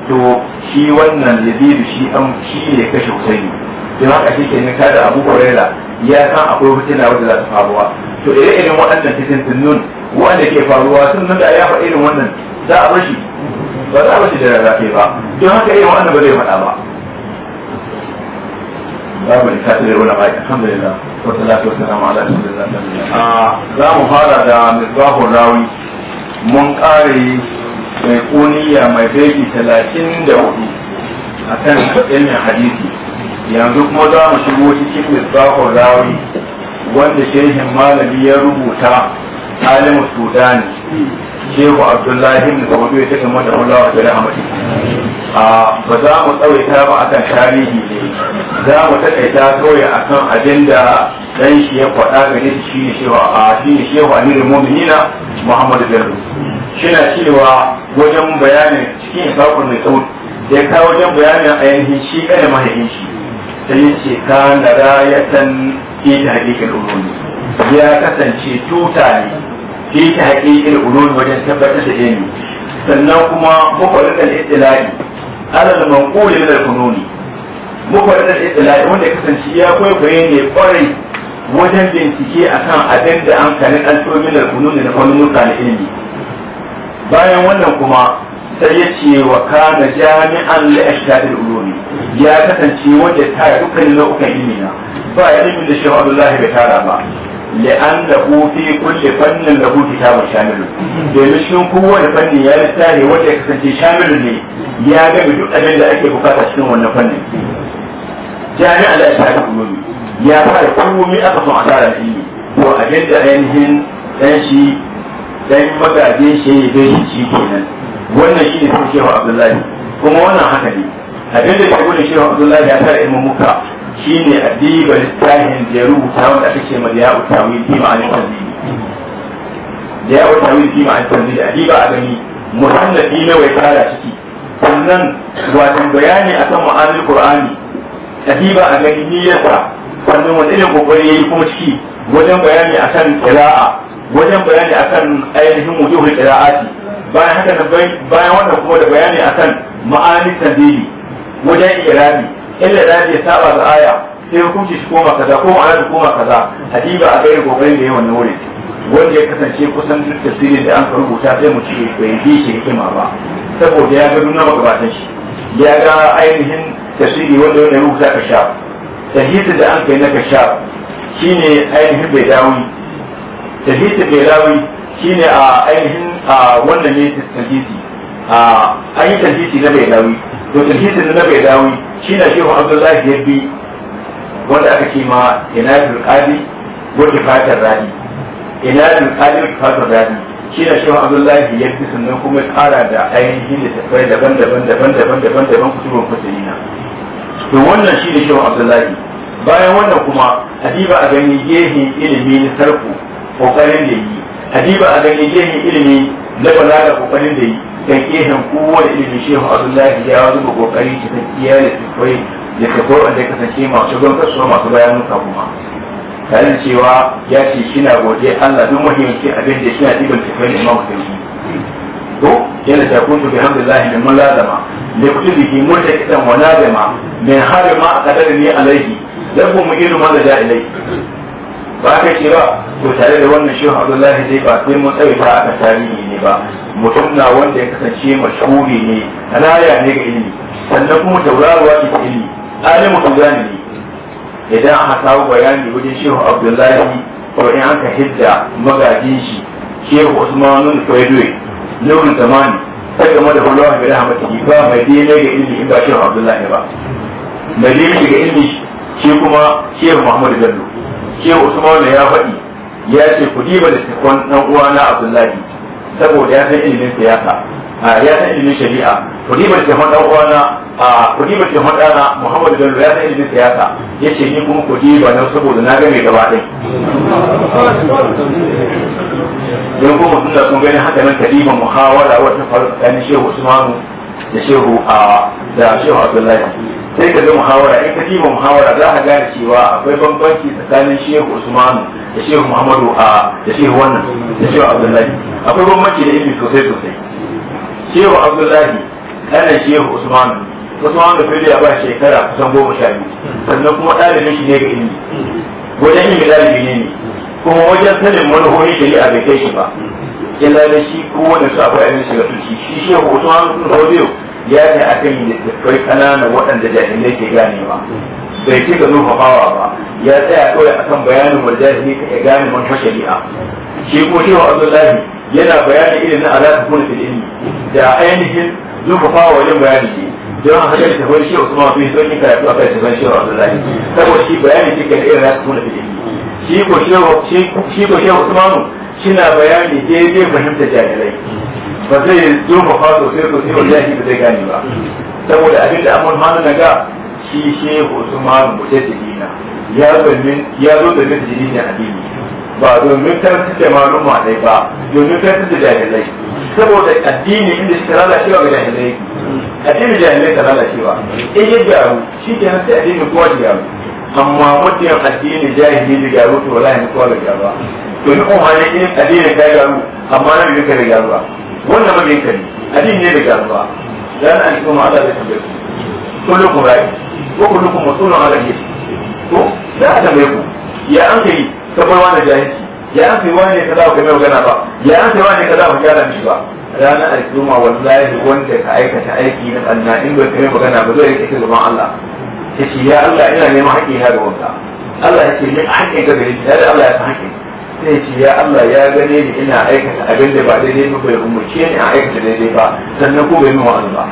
to shi wannan yazidu shi an shi ne kashe Husaini da haka shi ke nika da abu horera ya san akwai hotuna wadda za ta faruwa to ire irin waɗannan cikin nun wanda ke faruwa sun da ya faɗi irin wannan za a bashi ba za a bashi da rarrafe ba don haka irin wannan ba zai faɗa ba babu da kafin da wani bayan alhamdulillah wa salatu wa salamu ala ah, za mu fara da misbahun rawi mun kare mai kuniya mai beki talatin da hudu a kan ilmin hadisi yanzu kuma za mu shigo cikin misbahun rawi wanda shehin malami ya rubuta alimu sudani shehu abdullahi ne sabudu ya cikin mata Allah wa rahmatu ba za mu tsawaita ba akan tarihi ne za mu ta takaita a akan abin da dan shi ya faɗa gare shi ne shehu a ne shehu amirul mu'minina Muhammadu bello na cewa wajen bayanin cikin isaqul mai tsawo ya kawo wajen bayanin ainihin shi kada mahaifin shi sai ce ka na rayatan fi ta haƙiƙin ulumi ya kasance tuta ne fi ta haƙiƙin ulumi wajen tabbatar da ilimi sannan kuma mukwalitan itilali alal manquli min al-fununi mukwalitan itilali wanda kasance ya kwaikwaye ne kwarai wajen bincike akan abin da an kanin alfomin al-fununi na fannin mutane ilimi bayan wannan kuma sai ya ce wa kana jami'an la ashdadil ulumi ya kasance wanda ta dukkan nau'ukan ilmi ba ya ilmin da shehu Abdullahi bai tara ba لأنه في كل فن له كتاب شامل domin shi kowane fanni ya littafi wanda ya kasance shamilu ne ya gami duk abinda ake bukata cikin wannan fannin jami'a da ake kulumi ya fara kulumi aka son asara da ilimi to abin da ainihin ɗan shi ɗan magaje shi ya shi kenan wannan shi ne sun shehu abdullahi kuma wannan haka ne abin da shi wani shehu abdullahi ya tara imam muka shi ne a diba da ya rubuta wanda aka ce mai ya'u tawil fi ma'anin tanzili da ya'u tawil fi ma'anin tanzili a a gani muhallafi nawa ya fara ciki sannan watan bayani akan ma'anin qur'ani a a gani niyyarsa sannan wani irin kokari ya yi kuma ciki wajen bayani akan qira'a wajen bayani akan ainihin wujuhul qira'ati bayan haka da bayan wannan kuma da bayani akan ma'ani tadili wajen irabi illa da ya saba ga aya sai hukunci shi koma kaza ko ma'ana da koma kaza hadiba a kai gobe da yawan wurin wanda ya kasance kusan duk tasirin da an rubuta sai mu ce bai bi shi hikima ba saboda ya ga nuna magabatan shi ya ga ainihin tasiri wanda wanda rubuta ka sha sahihin da an kai na ka sha shine ainihin bai dawo Tahiti tahisi shi ne a ainihin wannan ne tahisi a an yi tahisi na belawi to tahisin na shi shine shehu abdullahi ya bi wanda aka ce ma inatul qadi wata fatar rani inatul qadi wata fatar rani shine shehu abdullahi ya bi sannan kuma kara da ainihin littattafai daban-daban daban-daban daban-daban kutubun fasalina to wannan shi ne shehu abdullahi bayan wannan kuma adiba a gani gehe ilimi na sarku kokarin da yi hadiba a gani ne ilimi na da kokarin da yi kan kowa da ilimi shehu abdullahi ya zuba kokari cikakkiya da tsakwai da tsakwai wanda ya kasance masu don kasuwa masu bayan nuka kuma tare da cewa ya ce shina godiya Allah duk muhimmanci abin da shina ɗiban tafiyar da imam Hussein to yana ta kuntu bi hamdillahi min mulazama da kutu bi ki mutta kitan wa nazama min harima kadar ni alaihi lahu mu ilu ma da ilai ba ka ce ba to tare da wannan shehu abdullahi zai ba sai mun tsaye ta a tarihi ne ba mutum na wanda ya kasance mashhuri ne alaya ne ga ilimi sannan kuma tauraruwa ke ta ilimi alimu tuzani ne idan aka kawo bayani wajen shehu abdullahi ko in aka hidda magajin shi shehu usmanun kwaidoyi launin zamani sai game da hulawa da rahmatihi ba mai daidai ga ilimi in ba shehu abdullahi ba mai daidai ga ilimi shi kuma shehu muhammadu bello shehu usman ya faɗi ya ce ku diba da tikon dan uwana abdullahi saboda ya san ilimin siyasa ya san ilimin shari'a ku diba da tikon dan uwana ku diba da tikon dana muhammadu bello ya san ilimin siyasa ya ce ni kuma ku diba na saboda na game gaba ɗai yan kuma sun da sun gani haka nan ka diba muhawara wata faru tsakanin shehu usmanu da shehu da shehu abdullahi sai ka ga muhawara in ka diba muhawara za a gane cewa akwai bambanci tsakanin shehu usmanu da shehu muhammadu a da shehu wannan da shehu abdullahi akwai bambanci da ilimi sosai sosai shehu abdullahi ɗanan shehu usmanu usmanu fili ba shekara kusan goma sha biyu sannan kuma ɗalibin shi ne ga ilimi wajen yin ɗalibi ne ne kuma wajen sanin manuhohin shari'a bai kai shi ba illa da shi kowane su akwai abin shiga tuki shi shehu usmanu sun zo biyu ya ce a kan littattafai ƙananan waɗanda jahilai ke ganewa bai ce nufa zurfafawa ba ya tsaya kawai akan bayanin wanda jahili ka ya gane man shari'a shi ko shehu abdullahi yana bayanin irin na alaƙa kuna da ilmi da ainihin zurfafawa wajen bayani ne don a hajjar ta wani shehu usman bin sun yi karatu akan shi ban shehu abdullahi saboda shi bayani shi ka da irin alaƙa kuna da ilmi shi ko shehu usmanu shi na bayani daidai fahimta jahilai ba zai zo ba fa sosai sosai wallahi ba zai gane ba saboda abin da amon na naga shi shehu su ma mutum da dina ya zo ya zo da mutum da dini ba domin karanta da malum ma dai ba domin karanta da jahilai saboda addini inda shi tarala cewa ga jahilai addini jahilai tarala cewa in ya gyaru shi ke hanta addini kowa da gyaru amma mutum addini jahili da gyaru to wallahi mutuwa da gyaru domin kuma ne addini ta gyaru amma na bi duka da gyaru ba wannan mabin ka ne addini ne bai gyaru ba dan an kuma Allah zai tambaye ku kullukum ra'i wa kullukum mas'ulun an ra'i to za a tambaye ku ya an kai kabar wani jahilci ya an kai wani kaza ba kai magana ba ya an kai wani kaza ba gyara mishi ba ranar al'umma wallahi wanda ka aikata aiki na tsanna in bai kai magana ba zai yake gaban Allah ya ce ya Allah ina neman haƙƙi na da wanda Allah ya ce ni haƙƙin ka da ya Allah ya san haƙƙin sai ce ya Allah ya gane ni ina aikata abin da ba daidai ba bai umurce ni a aikata daidai ba sannan ko bai min wa'azi ba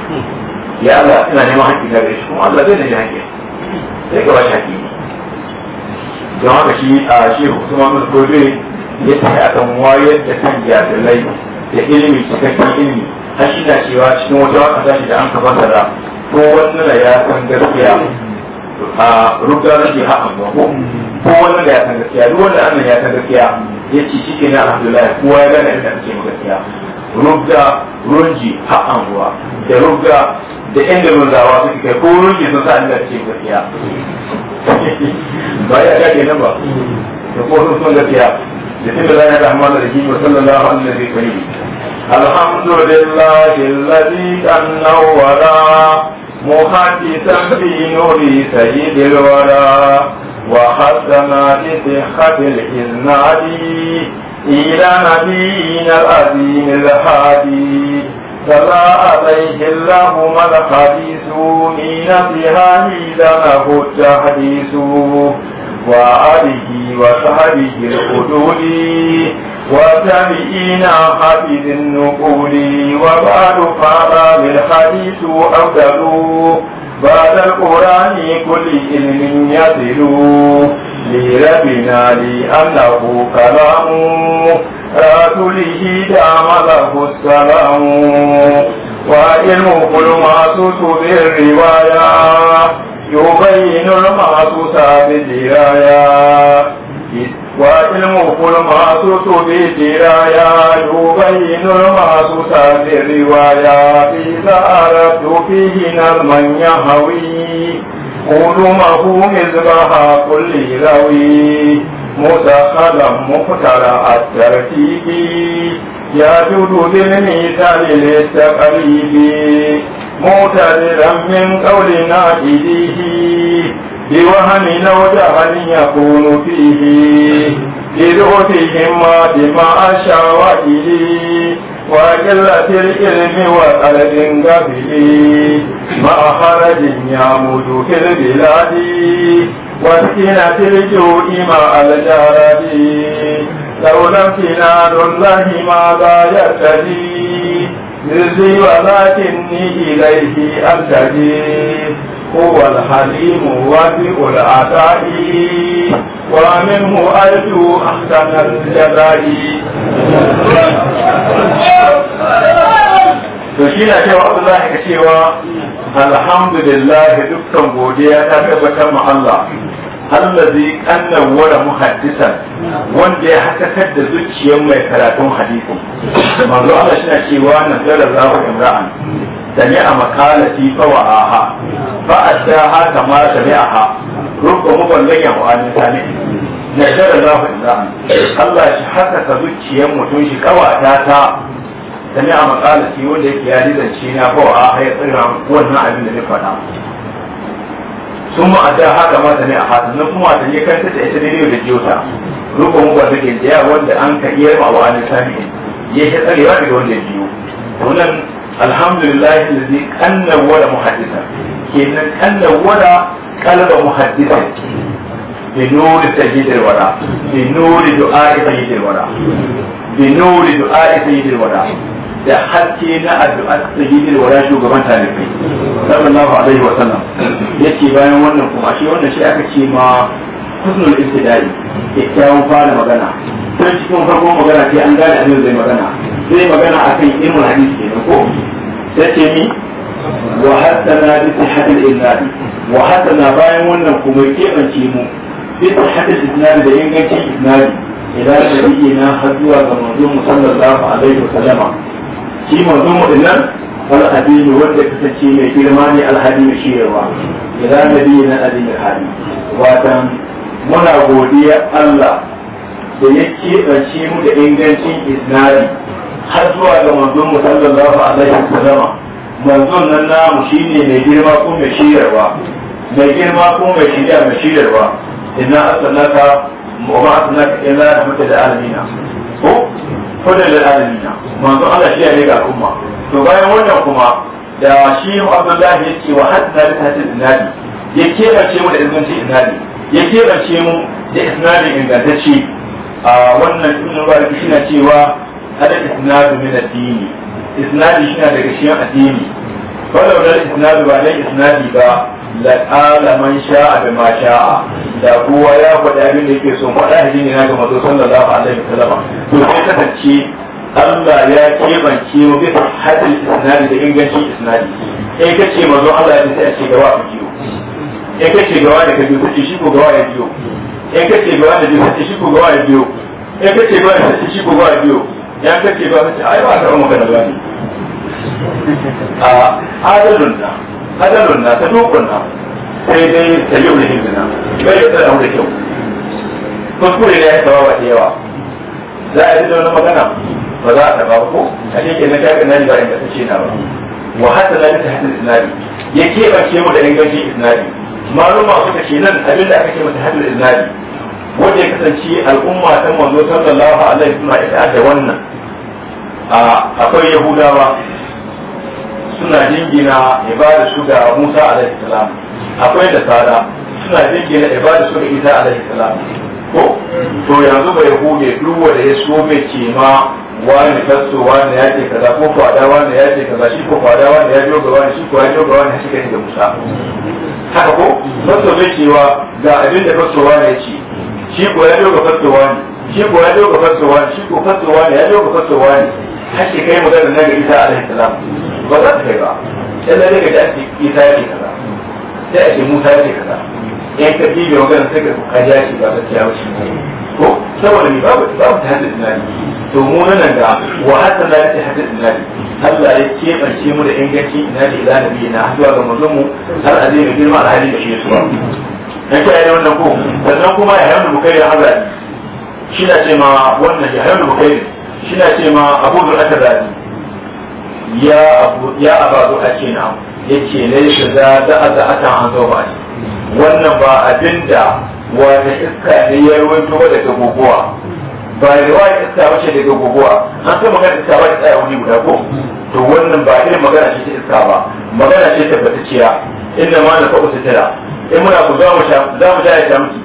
ya Allah ina neman haƙƙi na gare shi kuma Allah zai nemi haƙƙi sai ka bashi haƙƙi don haka shi a shi hukuma mun gobe ya tafi akan wayar da kan jahilai da ilimi cikakken ilimi har shi na cewa cikin wata waka da an ka fasara ko wani ya san gaskiya a rubuta na shi ha amma ko ko wannan da ya san gaskiya duk wanda annan ya san gaskiya ya ci shi kenan alhamdulillah kowa ya gane inda ake mu gaskiya rubda runji ha anguwa da rubda da inda runzawa suke kai ko runji sun sa inda ake mu gaskiya ba ya ga kenan ba da ko sun san gaskiya da inda zai da amma da rahim sallallahu alaihi wa sallam Alhamdulillah لله الذي أنه ولا محدثا في نور سيد الورى وختما بصحة الإسناد إلى نبينا العظيم الهادي صلى عليه اللهم الحديث من فيها لنه التحديث وآله وصحبه الخدود وتابعين حفظ النقول وبعد فهذا الحديث أفضل بعد القرآن كل علم يصل لربنا لأنه كلام رسوله دام له السلام وعلمه المعصوص بالرواية يبين المعصوص بدرايا وعلم كل معصوص بدرايا يبين المعصوص بالرواية إذا فيه من يهوي علومه مزبح كل روي مدخلا مقترع الترتيب يجود بالمثال للتقريب متررا من قول نائله بوهم لو جهل يكون فيه إذ أتيهما بما أشار إليه وقلة العلم وقلب قبلي مع خرج يعمد في البلاد وسكنة الجوع مع الجرد لولا امتنان الله ماذا يهتدي يرضي وذاتني إليه أرتجي هو الحليم وافئ العطاء ومنه أرجو أحسن الجزاء to shi na cewa abu za ka cewa alhamdulillah dukkan godiya ta tabbatar ma Allah allazi kannan wara muhaddisan wanda ya hakatar da zuciyar mai karatun hadisin manzo Allah shi cewa na zara zawo imra'an sami a makalati fawa aha fa asdaha kama aha. rubba muballan ya ni sami na zara zawo imra'an Allah shi hakaka zuciyar mutum shi kawata ta sami a makalati wanda yake ya dizance na fawa aha ya tsira wannan abin da ya faɗa sun ma a ta haka mata ne a hatan kuma ta je kanta ta ita ne da jiyota ruko mu ba take da wanda an ka iya ma wa an sami ya shi tsarewa daga wanda biyu wannan alhamdulillah alladhi kanna wala muhaddisa nan kanna wala kalba muhaddisa بنور تجديد الورى بنور دعاء تجديد الورى بنور دعاء تجديد wada. da haske na addu'a ta sayyidil wara shugaban talibai sallallahu alaihi wa sallam yace bayan wannan kuma shi wannan shi aka ce ma husnul ibtida'i kyakkyawan fara magana sai cikin farko magana sai an gane abin zai magana sai magana akan ilmul hadisi ne ko yace ni wa hasana bi sihhatil isnad wa hasana bayan wannan kuma kebance mu bi sihhatil isnad da ingancin isnad ila nabiyina har zuwa ga manzo sallallahu alaihi wa sallama shi manzon waɗannan wani hadisi wanda kasance mai girma ne alhadi mai shirarwa ila nabi na azimin hadi watan muna godiya Allah da ya keɓance mu da ingancin isnadi har zuwa ga manzon mu sallallahu alaihi wasallama manzon nan mu shine mai girma ko mai shirarwa mai girma ko mai shirya mai shirarwa inna asalaka wa ma asalaka ila rahmatil alamina. ko hudan lil alamin manzo Allah shi ne ga umma to bayan wannan kuma da shi Abdullahi yake wa hadda da hadin inadi ya kebace mu da izinin inadi ya kebace mu da isnadi ingantacce a wannan ibn Mubarak shi na cewa hada isnadu min addini isnadi shi na daga shi addini wala wala isnadu ba dai isnadi ba la qala man sha'a ma sha'a da kowa ya faɗa abin da yake so faɗa hadisi ne ga manzo sallallahu alaihi wasallam to sai kasance Allah ya kebance mu bi hadil isnadi da inganci isnadi sai kace mazo Allah ya sai a ce gawa ku biyo sai kace gawa da ka biyo sai shi ko gawa ya biyo sai kace gawa da sai shi ko gawa ya biyo sai kace gawa da sai shi ko gawa ya biyo ya kace gawa sai ai ba ta magana ba ne a adalun da hadarun na ta dokon na sai dai ta yi wani himina bai yi tsada wani kyau kuskure ne ya tawa ba da yawa za a yi da wani magana ba za a taba ko a ce ke na kaga na ba inda ta ce na ba wa hatta na ta hadin isnadi ya keɓance mu da inganci isnadi maluma suka ce nan abin da aka ce mata hadin isnadi wanda ya kasance al'umma ta manzo sallallahu alaihi wasallam ita da wannan akwai yahudawa suna jingina ibada su ga Musa alaihi salam akwai da sada suna jingina ibada su ga Isa alaihi salam ko to yanzu bai hude duk wanda ya so bai ce ma wani kasto wani ya ce kaza ko kwada wani ya ce kaza shi ko kwada wani ya joga wani shi ko ya joga wani shi kai da Musa haka ko kasto bai cewa ga abin da kasto wani ya ce shi ko ya joga kasto wani shi ko ya joga kasto wani shi ko kasto wani ya joga kasto wani har shi kai magana na ga Isa alaihi salam ba za ta kai ba sai da daga da ake isa yake kaza sai ake musa yake kaza yan ka bibe magana sai ka ka ya shi ba gaskiya ba shi ko saboda ni babu babu ta hadda dinari to mu nan da wa hatta la ta hadda tunani. Allah ya kebance mu da inganci ina da ila nabi na zuwa ga manzon mu har a mai girma alhali da shi su ba dan kai da wannan ko sannan kuma ya hayu bukai da hazari shi na ce ma wannan ya hayu bukai shi na ce ma abu zur'atar razi ya abu ya abazu a ce na yace laisa za da aza atan an ba ne wannan ba abinda wani iska ne ya rawaito ba daga guguwa ba riwaya iska ba ce daga guguwa an san magana iska ba ta tsaya wuri guda ko to wannan ba irin magana ce ta iska ba magana ce tabbatacciya inna ma na fa'u sitira in muna ku za mu sha za mu sha ya shamki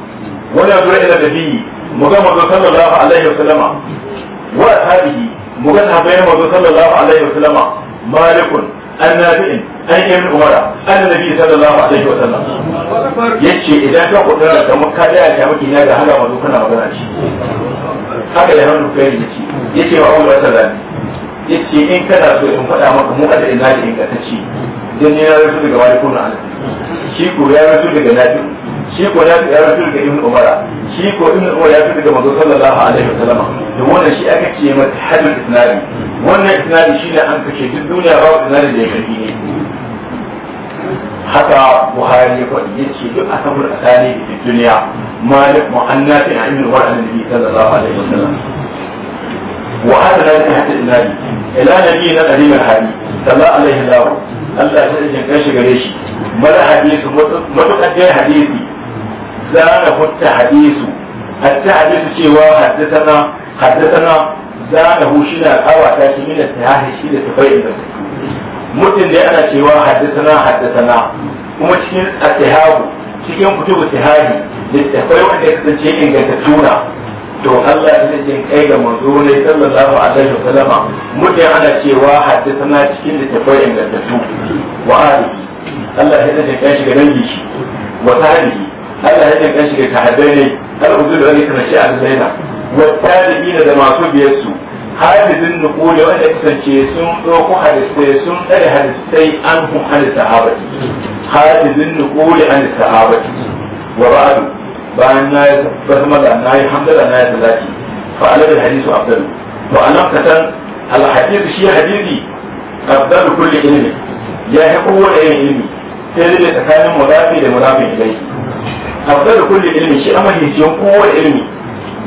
wannan zura ila da biyi mu ga manzo sallallahu alaihi wasallama wa ashabihi bugan tambayar manzo sallallahu alaihi wasallama malikun annabi'in an yi min umara annabi sallallahu alaihi wa wasallam yace idan ka kudura da maka da ya kiyama kina ga hana manzo kana magana shi haka ya hannu kai yace yace wa umar sallallahu yace in kana so in faɗa maka mu kada ina ta ingantacci dan ya rasu daga wani kuna shi ko ya rasu daga nafi'u shi ko ya ya rafi ga ibnu umara shi ko ibnu umara ya fi daga manzo sallallahu alaihi wasallam da wannan shi aka ce mata hadin isnadi wannan isnadi shi ne an kace duk duniya ba isnadi da ya karbi ne haka buhari ya faɗi ya ce duk asabul asali da duniya malik muhannati na ibnu umara annabi sallallahu alaihi wasallam wa hada la yahdi isnadi ila nabiyina qadim al-hadi sallallahu alaihi wasallam Allah ya sanya kashi gare shi mala hadisi mutukaddiya hadisi zara hutta hadisu hatta hadisu cewa haddasana haddasana zara hu na kawata shi min sahihi shi da tafayin da mutum dai ana cewa haddasana haddasana kuma cikin asihabu cikin kutubu sihahi littafai wanda ya kasance na to Allah ya ce kai ga manzo sallallahu alaihi wa sallama mutum ana cewa haddasana cikin littafai ingantattu wa alihi Allah ya ce kai shi ga dangi shi wa sahihi Allah ya kan shi ka hadai ne kar ku da wani kana shi a zaina wa tabi'ina da masu biyar su hadisin nukuli wanda kasance sun ɗauko hadisai sun ɗare hadisai an hun hadis sahabati hadisin nukuli an sahabati wa ba'du bayan na yi basmala na yi hamdala na yi salati fa alal hadisu afdalu to anan katan al shi hadisi ya tsakanin mudafi da mudafin ilaihi da kulli ilmi shi amma hijiyon kowa ilimi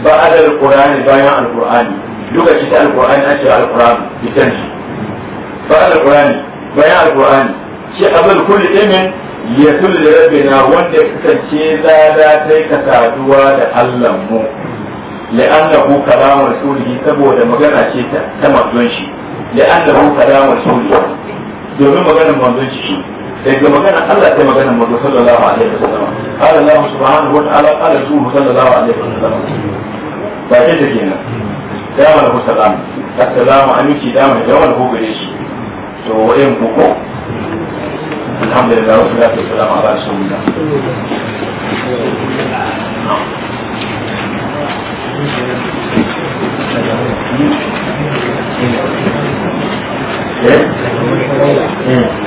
ba adal qur'ani bayan alqur'ani lokaci ta alqur'ani ake alqur'ani bitan shi ba adal qur'ani bayan alqur'ani shi abal kulli ilimin ya kulli na wanda ya kasance lada ta ka saduwa da Allah mu لأنه كلام رسوله سبو ده manzon شيء تمزون شيء لأنه كلام رسوله دومين مغانا منزون شيء daga magana Allah ta magana manzo sallallahu alaihi wasallam qala Allah subhanahu wa ta'ala qala rasuluhu sallallahu alaihi wasallam ba ce ta kenan dama da salam assalamu alaikum dama da yawan ko gare shi to wayan koko alhamdulillah wa wassalamu ala rasulillah Yeah. Eh?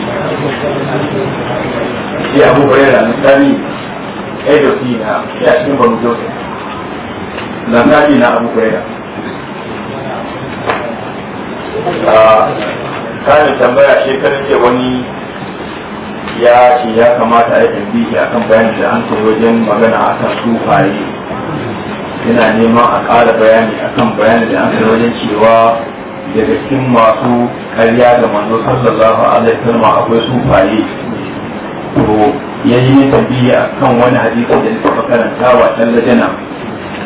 shi abu hurera misali edosi na ya cikin banu jose lantarki na abu hurera kayan tambaya shekarar ce wani ya ce ya kamata ya tambihi a kan bayanin da an kai wajen magana a kan faye yana neman a ƙara bayani a kan bayanin da an kai wajen cewa daga cikin masu karya da manzo sallallahu alaihi wasallam akwai su faye. to ya yi tambiya kan wani hadisi da suka karanta wa jana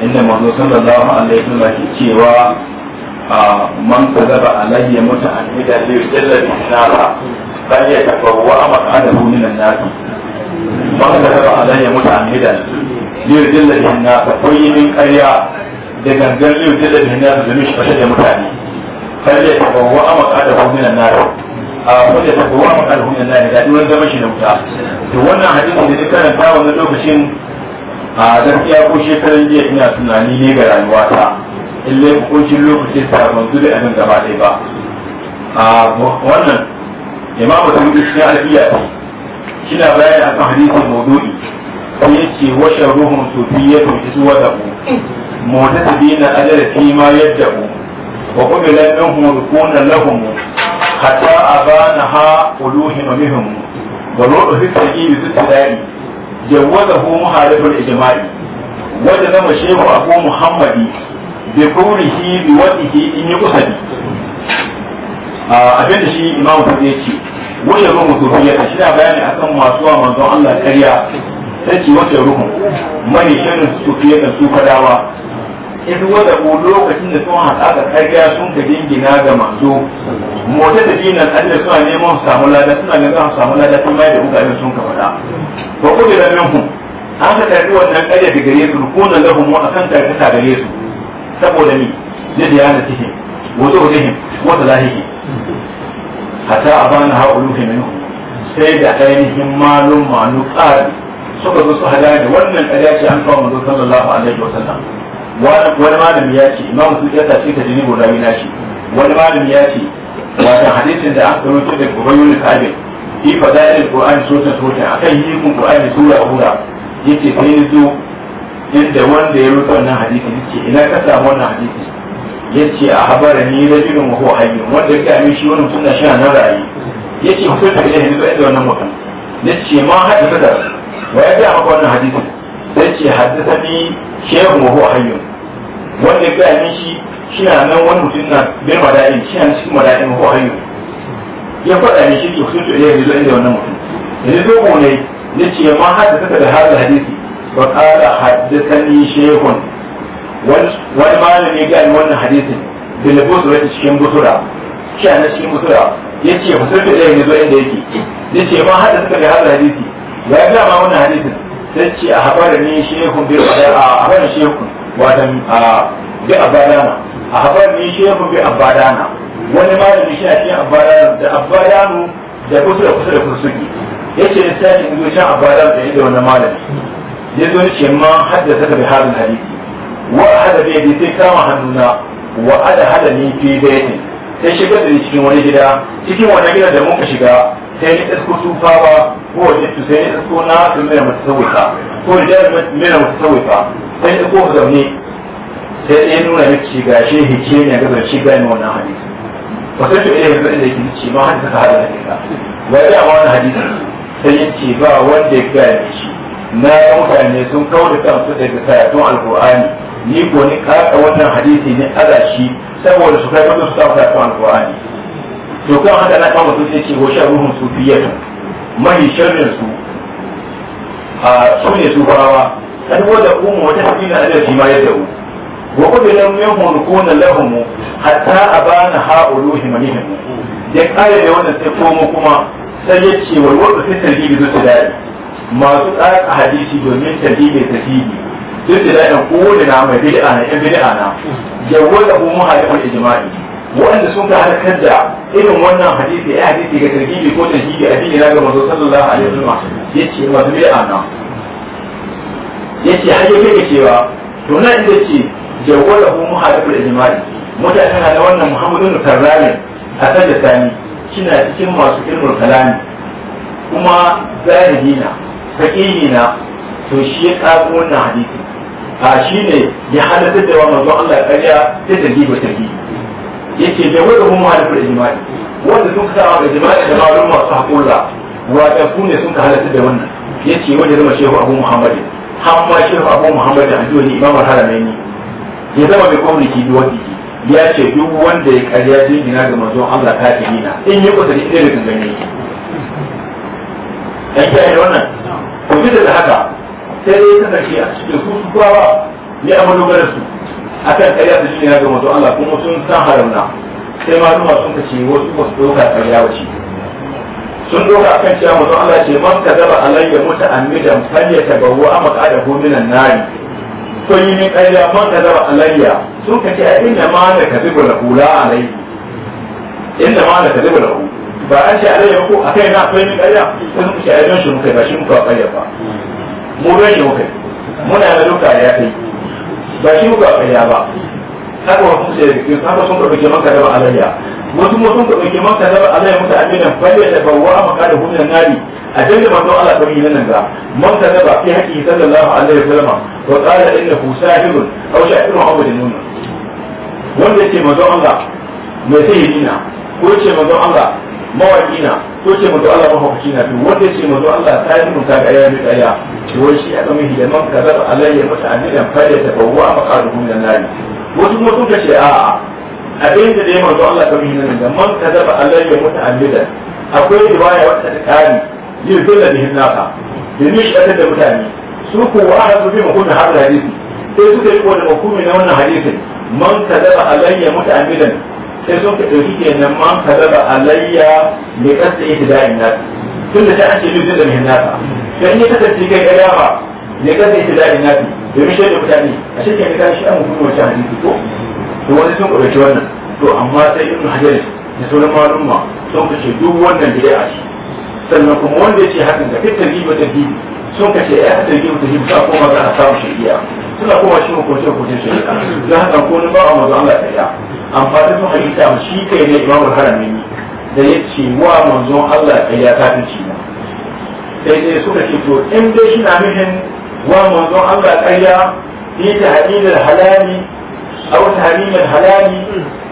inda manzo sallallahu alaihi wasallam ke cewa man kazaba alayya muta'addida li yudalla bi nara bal yatabawwa maq'adahu min an-nar man kazaba alayya muta'addida li yudalla bi nara ko yi min karya da gangan li yudalla bi nara da mishi fashe da mutane ya bal yatabawwa maq'adahu min an-nar wanda ta kowa mu kalhu min Allah da duwan zama shi da wuta to wannan hadisi da duk karanta wannan lokacin a gaskiya ko shekaran jiya ina tunani ne ga rayuwata illai hukuncin lokacin ta ban zube abin gaba ɗaya ba a wannan imamu ta mutu cikin alfiya ce shina bayani akan hadisin maudu'i sai ya ce washe to sufiyyatu isuwa da ku Mu ta na ajara fi ma yadda ku وقبلت منهم ركونا لهم حتى أبانها ألوهن منهم والرؤى في التقييم ذو السلام جوزه مخالف الإجماع وجزم الشيخ أبو محمد بقوله بوجهه إن يقصد abin da shi imamu ta ya ce wajen ruhun sufiya ta shi bayani a kan masu wa manzon Allah karya sai ce wajen ruhun mani shirin sufiya ta su fadawa in wada ko lokacin da sun haɗa karya sun ka dingina ga manzo mota da dinan Allah suna neman su samu lada suna neman su samu lada kuma da ugarin sun ka faɗa ba ku da ku an ka tarbi wannan ƙarya da gare su rukunan lahum wa akan tarkata gare su saboda ni da yana cikin wato rihim wata lahihi hatta abana ha'uluhi minhum sai da ainihin malum manu ƙari suka zo su hada da wannan ƙarya ce an kawo manzo sallallahu alaihi wa sallam wani malami ya ce imamu su ya tafi ta jini gurawi na shi wani malami ya ce wata hadisin da aka karo da ubayyul yi fi fadailul qur'ani sota sota akan yi mu qur'ani sura ya yace sai ya zo inda wanda ya rubuta wannan hadisi yace ina ka samu wannan hadisi yace a habara ni jini wa ko hayy wanda ya kame shi wani mutum na shi nan rayi yace ku ta da hindu da wannan mutum yace ma hadisa da wa ya ga maka wannan hadisi yace haddathani shehu wa huwa hayy wanda ga min shi shina nan wani mutum na bin mada'in shina cikin mada'in ko hayy ya faɗa ne shi ke to ya yayin zuwa inda wannan mutum zo ko ne yace ma haddatha da hadal hadisi wa qala haddathani shehu wani malami ga min wannan hadisin bil da cikin shi shina cikin busra yace fasar da ne zuwa inda yake yace ma haddatha da hadal hadisi ya ga ma wannan hadisin sai a habar ni shehun bi a habar shehun wadan a bi abadana a habar ni shehun bi abadana wani malami shi a cikin abadana da abadanu da kusa da kusa da kursuki yace ya sa in zo can abadana da yadda wani malami ya zo ce ma haddasa ka bi halin hadisi wa hada bi yadi sai kama hannuna wa hada hada ni fi baiti sai shigar da cikin wani gida cikin wani gida da muka shiga sai ni isko sufawa ko wajen su sai ni isko na su mera mutasawwifa ko da mera mutasawwifa sai ni isko zaune sai ɗaya nuna ni ci gashi hice ne ga zance gane wannan hadisi ba sai to irin da yake ci ma hadisi ta hada da kika wai da ma wannan hadisi sai ya ci ba wanda ya gane shi na mutane sun kawo da kansu daga karatun alkur'ani ni ko ni ka wannan hadisi ne aza shi saboda su kai su kawo karatun alkur'ani to kan haka na kama su sai ce wa sharuhun sufiyatu mahi sharrin su a su ne su farawa an wada umu wata hakika na da ma ya u wa qadila ko na lahum hatta abana ha'uluhi manihim da kare da wannan sai komo kuma sai ya ce wal wadu sai tarhibi su dai masu tsaka hadisi domin tarhibi tarhibi duk da ko da na mai bid'a na bid'a na jawwala mu muhalifin ijma'i wanda sun ka halakar da irin wannan hadisi ya eh, hadisi ga tarkibi ko tarkibi addini na ga manzo sallallahu alaihi wasallam yace masu bid'a nan yace har yake ga cewa to na inda ce jawwala hu da ijma'i mutanen da wannan muhammadun karrami a sanda sani kina cikin masu ilmul kalami kuma na, zahirina na, to shi ya kago wannan hadisi a shine ya halatta da wa manzo Allah ya karya da tarkibi tarkibi yake da wani mun ma da jima'i wanda sun kasa da jima'i da malum masu haƙulla wata ku ne sun ka halatta da wannan yace wani zama shehu abu muhammadin hamma shehu abu muhammadin a jiwani imamar haramaini ya zama mai kwamniki da wani ya ce duk wanda ya karya jingina ga mazo Allah ta nina in yi ɗaya da ita da gangane dan kiyaye da wannan ko da haka sai dai kasance a cikin su su kwawa ne a madogarar su akan karya da shi ga mutum Allah kuma sun san haramna sai ma duma sun kace wasu ba su doka ƙarya wace sun doka akan cewa mutum Allah ce man ka kadaba alayya muta'ammidan falyatabawwa maqadahu minan nari to yi min karya man ka kadaba alayya sun kace a inna ma na kadibu la hula alai inna ma na zuba la ba an ce alayya ko akai na sun yi ƙarya sun kace a don shi muka ba shi muka ƙarya ba mu don shi muka muna da doka ya kai ba shi muka kaya ba haka wasu ce haka sun ɗauki kiman ka daba alayya wasu mutum ka ɗauki kiman daba alayya muka ajinan falle da bawa a maka da hunan nari a jirgin manzo ala ta yi nan ga man daba fi haƙi sallallahu alaihi wasallam wa qala innahu sahirun aw sha'irun aw majnun wanda yake manzo Allah mai sihiri na ko ce manzo Allah mawaki na ko ce manzo Allah mahaukaci na to wanda ce manzo Allah sahirun ka ga ya mai tsaya wai shi ya zama hidaman kazar alayya muta'addidan fayya ta bawa a makaruhun da nari wasu kuma suka ce a'a abin da dai manzo Allah kamar hidaman da man kazar alayya muta'addidan akwai riwaya wata ta kari yin dole da hinnaka domin shi da mutane su ko wa a rabu bi makunin har hadisi sai suka yi kowane makumi na wannan hadisin man kazar alayya muta'addidan sai sun ka ɗauki kenan man kazar alayya mai kasa ihtida'in nasi tun da ta ake yin dole da hinnaka dan ya kasance kai ga dama ya kasance da ina bi domin shi da mutane a shi kai ga shi an mutum a hadisi ko to wani sun kurace wannan to amma sai ibn hajar da sauran malumma sun kace duk wannan da ya ce sannan kuma wanda ya ce hakan da fitar riba ta biyu sun kace ya ta riba ta bibi sa koma za a samu shari'a suna koma shi hukuncin hukuncin shari'a don haka ko ni ba a mazu Allah ta ya amma da sun hadisa shi kai ne imamul haramini da ya ce wa manzon Allah ta ya ta fi ci sai suka ce in dai shi na wa manzon Allah ƙarya halali aw halali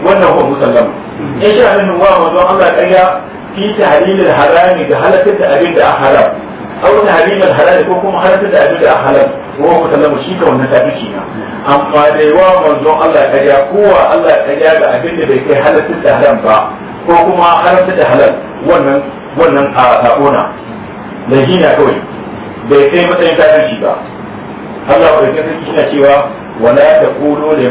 wannan musallama in shi wa manzon Allah ƙarya fi harami ga halakar da abin da haram aw halali ko kuma halakar da abin da shi ka wannan na amma dai wa manzon Allah ƙarya kowa Allah ƙarya abin da bai kai halakar da haram ba ko kuma haramta da halal wannan wannan a ta'ona da hina kawai bai kai matsayin kafirci ba Allah bai kai sarki cewa wala wa idan ya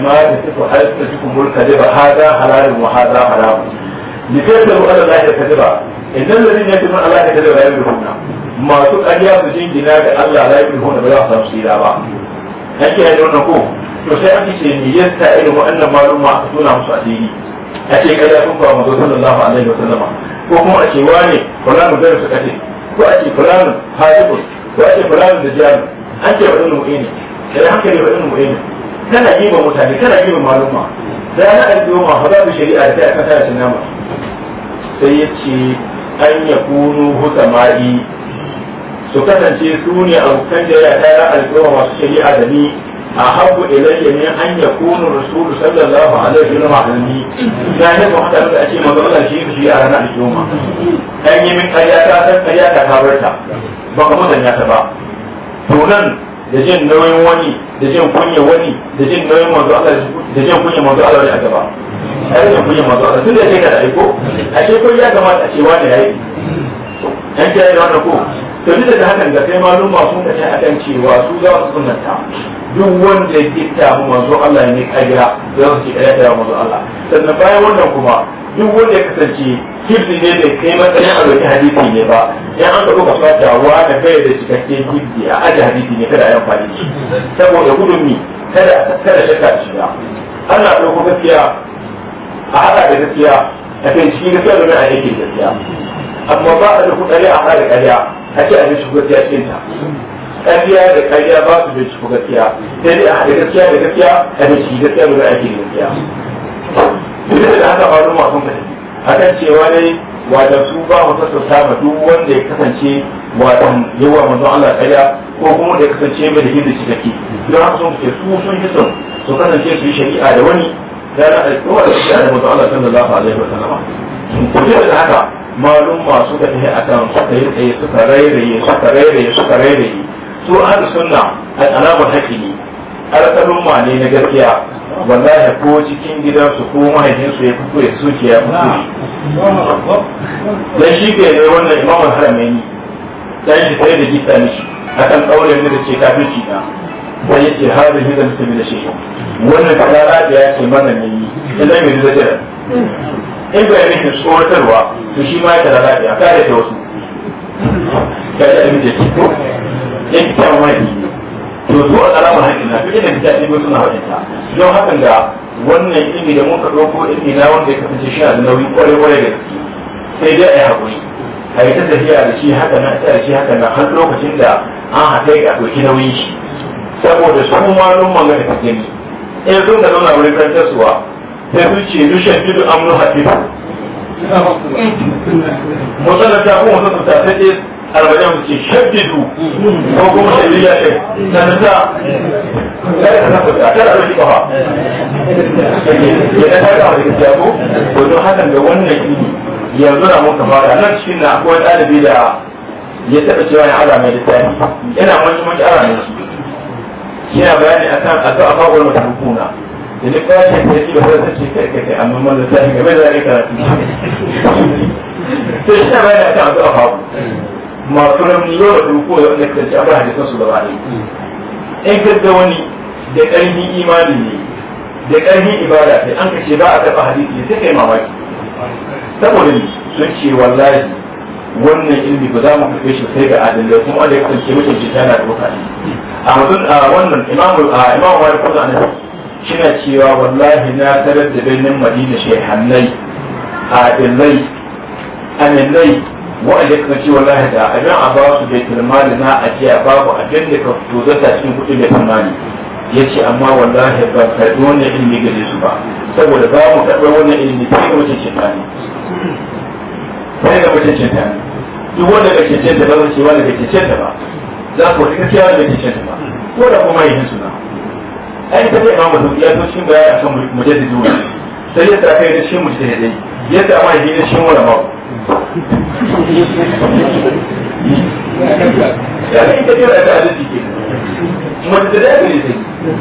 ya masu ƙarya su jingina da Allah la yuhuna ba za su samu sira ba ake yi wannan ko to sai an ce ni yasta wa'annan aka tona musu asiri ba mu sallallahu alaihi wa sallama ko kuma a ce wane mu su kace ko a ce fulani hajibun ko a ce da jami an ce wa ɗinu ne da haka ne wa ɗinu ne kana giban mutane kana giban maluma da ya na ɗin ma ba babu shari'a da ta kasa da nama sai ya ce an ya kunu hutama'i su kasance su ne abokan da ya tara al'umma masu shari'a da ni أحب إلي من أن يكون الرسول صلى الله عليه وسلم علمي يعني فقط أنت أشي مضغلة شيء بشيء أنا اليوم أن يمن قياتا قياتا كابرتا بقمو دنيا تبا دونان da jin nauyin wani da jin kunya wani da jin nauyin manzo da jin kunya manzo Allah da gaba ai da kunya manzo Allah tunda kai da aiko ashe ko ya kamata a ce wani yayi an kai da wannan ko to duk sai masu su za su duk wanda ya kitta mu manzo Allah ne kariya za su manzo Allah sannan bayan wannan kuma duk wanda ya kasance hibbi ne da kai matsayin a hadisi ne ba in an ɗauka da bai da cikakken hibbi a aji hadisi ne kada a yi amfani shi saboda gudun mi kada kada shakka shi ba ana ɗauko gaskiya a haɗa da gaskiya a kai shi gaskiya domin a yake gaskiya amma ba a da kuɗari a haɗa da ƙarya a ce a yi shi ƙarya da ƙarya ba su bai cikin gaskiya sai dai a haɗe gaskiya da gaskiya a da shi gaskiya da aiki da gaskiya duk da haka faru masu mai akan cewa dai wajen su ba mu sassa ma duk wanda ya kasance wajen yawa manzon Allah ƙarya ko kuma da ya kasance mai da hindi cikakki don haka sun ce su sun yi sun su kasance su yi shari'a da wani da na alƙawar da shi da manzon Allah sallallahu alaihi wa sallama ko da haka malum masu ka tafi akan suka yi tsaye suka rairaye suka rairaye suka rairaye su ahlus sunna alamar haƙi ne alƙalin ma ne na gaskiya wallahi ko cikin gidansu ko su ya fito ya soke ya mutu dan shi ke ne wannan imamul haramaini dan shi sai da gita ne akan kaurin da ce kafirci na sai yake ce har da hidda da shi wannan kadara da ya ce mana ne yi idan mai zaje in ba ya mishi tsoratarwa to shi ma ya kadara da ya kare da wasu kada ya mishi yankan wani to su a tsara wani hakina duk da fita ɗin suna ta don hakan da wannan ilimi da muka ɗauko ilimi na wanda ya kasance shi a nauyi ƙwarai-ƙwarai da gaske sai dai a yi haƙuri a yi ta tafiya da shi haka na ta shi haka na har lokacin da an haɗa ya ɗauki nauyin shi saboda su malum manga da ta gani in eh, sun ka zauna wurin karantarsuwa sai sun ce dushen tudu amnu haɗe matsalar ta kuma sun ta sai arba'in mu ce shaddidu ko kuma shaddiya ce sannan ta kai ta tafi a tara da kafa ya ta kafa da jago wajen hakan da wannan ilimi yanzu na muka fara nan cikin na akwai ɗalibi da ya taɓa cewa ya ara mai littafi yana muhimmanci ara mai shi yana bayani akan addu'a fa'ul mutarukuna da ni kawai ce sai ba sai ce kai kai kai amma mun littafi game da zai karatu sai shi na bayani akan addu'a fa'ul masu rauni yau da duko ya wanda kanci abin hadisan su gaba ɗaya in kadda wani da ƙarfin imani ne da ƙarfin ibada sai an kace ba a taɓa hadisi sai kai mamaki saboda ni sun ce wallahi wannan ilmi ba za mu karɓe shi sai ga adalai kuma wanda ya kasance mutum ce tana da mutane a mutum a wannan imamu a imamu wani kuma anan shina cewa wallahi na tarar da birnin madina A a adalai amillai wa'anda ka ce wallahi da abin a ba su da tilmali na ajiya babu abin da ka tozata cikin kuɗi da tilmali ya ce amma wallahi ba ka wannan ilimi gare su ba saboda ba mu karɓar wannan ilimi sai ga mutum ne. sai ga mutum ne duk wanda ka ce ta ba zai wanda ka ce ta ba za ku rika cewa da cince ta ba ko da kuma yin suna ai ta dai ma mutum ya to cikin bayani akan duniya sai ya sa kai da shi mujtahidai yadda amma yi da shi wala mako. ya da ta jiki mace da ya ce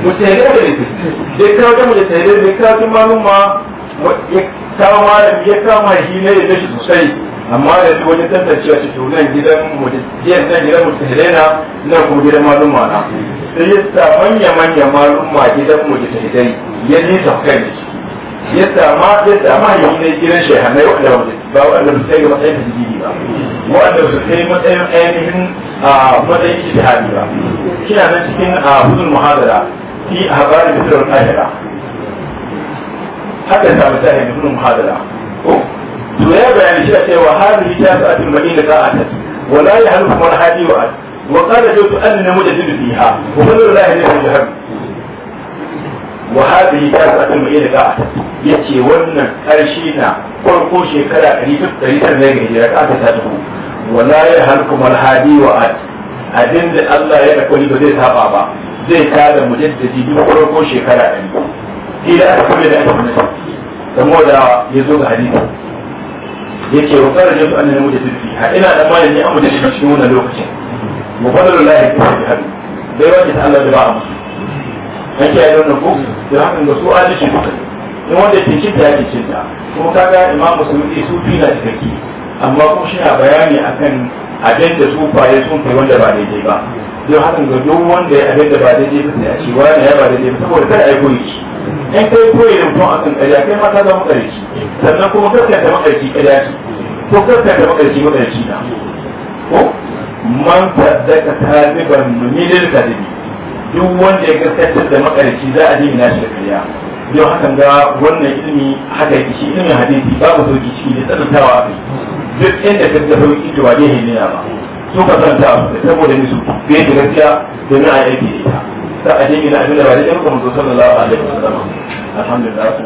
mace da kawo da da ya kawo ya kawo malam ya kawo ne ya sosai amma da su tantancewa nan gidan na ko gidan na sai ya sa manya manya gidan ya nisa kai ya sa ma ya sa ma yi ne gidan shehanai wanda ba wanda ba sai ga matsayin tajiri ba wanda ba sai matsayin ainihin matsayin ijtihadi ba kina nan cikin hudul muhadara fi habari bitar al-ahira haka ta misali hudul muhadara ko to ya bayani shi cewa hadhihi ta'atul madina ta'atat wala yahlufu marhadi wa'ad وقال جوت أن مجدد فيها وقال لا يهدف الجهنم wa hadhihi da'atul mu'minina yace wannan karshe na farko shekara 100 ne ga hijira ka ta tafi wala ya halkum alhadi wa ad abin Allah ya dauko ni ba zai saba ba zai tada mujaddadi duk farko shekara 100 kila aka kuma da aka nasa saboda ya zo ga hadisi yake wa kar jami'an annabi mujaddadi fi ina da malami an mujaddadi cikin lokacin dai Allah da ba a musu an ji ayi wannan ko da haka ga su shi duka in wanda ke cinta ya ke cinta kuma ta ga musulmi eh, su fi na cikakki amma kuma shi na bayani kan abin da su kwaye sun kai wanda ba daidai ba don haka ga duk wanda ya abin da ba daidai ba sai a ce wani ya ba daidai ba saboda kada a yi koyi shi in kai koyi da mutum akan ƙarya kai ma ta zama ƙarfi sannan kuma kaskanta makarci ƙarya ce ko kaskanta makarci makarci na ko man saddaka taliban min al-kadibi duk wanda ya gaskatar da makarci za a jimina shi da kariya don hakan ga wannan ilimi haka yake shi ilimin hadisi babu sauki ciki da tsanantawa a kai duk inda ka ga sauki to waje ne na ba so ka tsanta saboda nisu bai da gaskiya domin a aiki da ita za a jimina abin da ba da ɗan kwamzo sallallahu alaihi wasallam alhamdulillah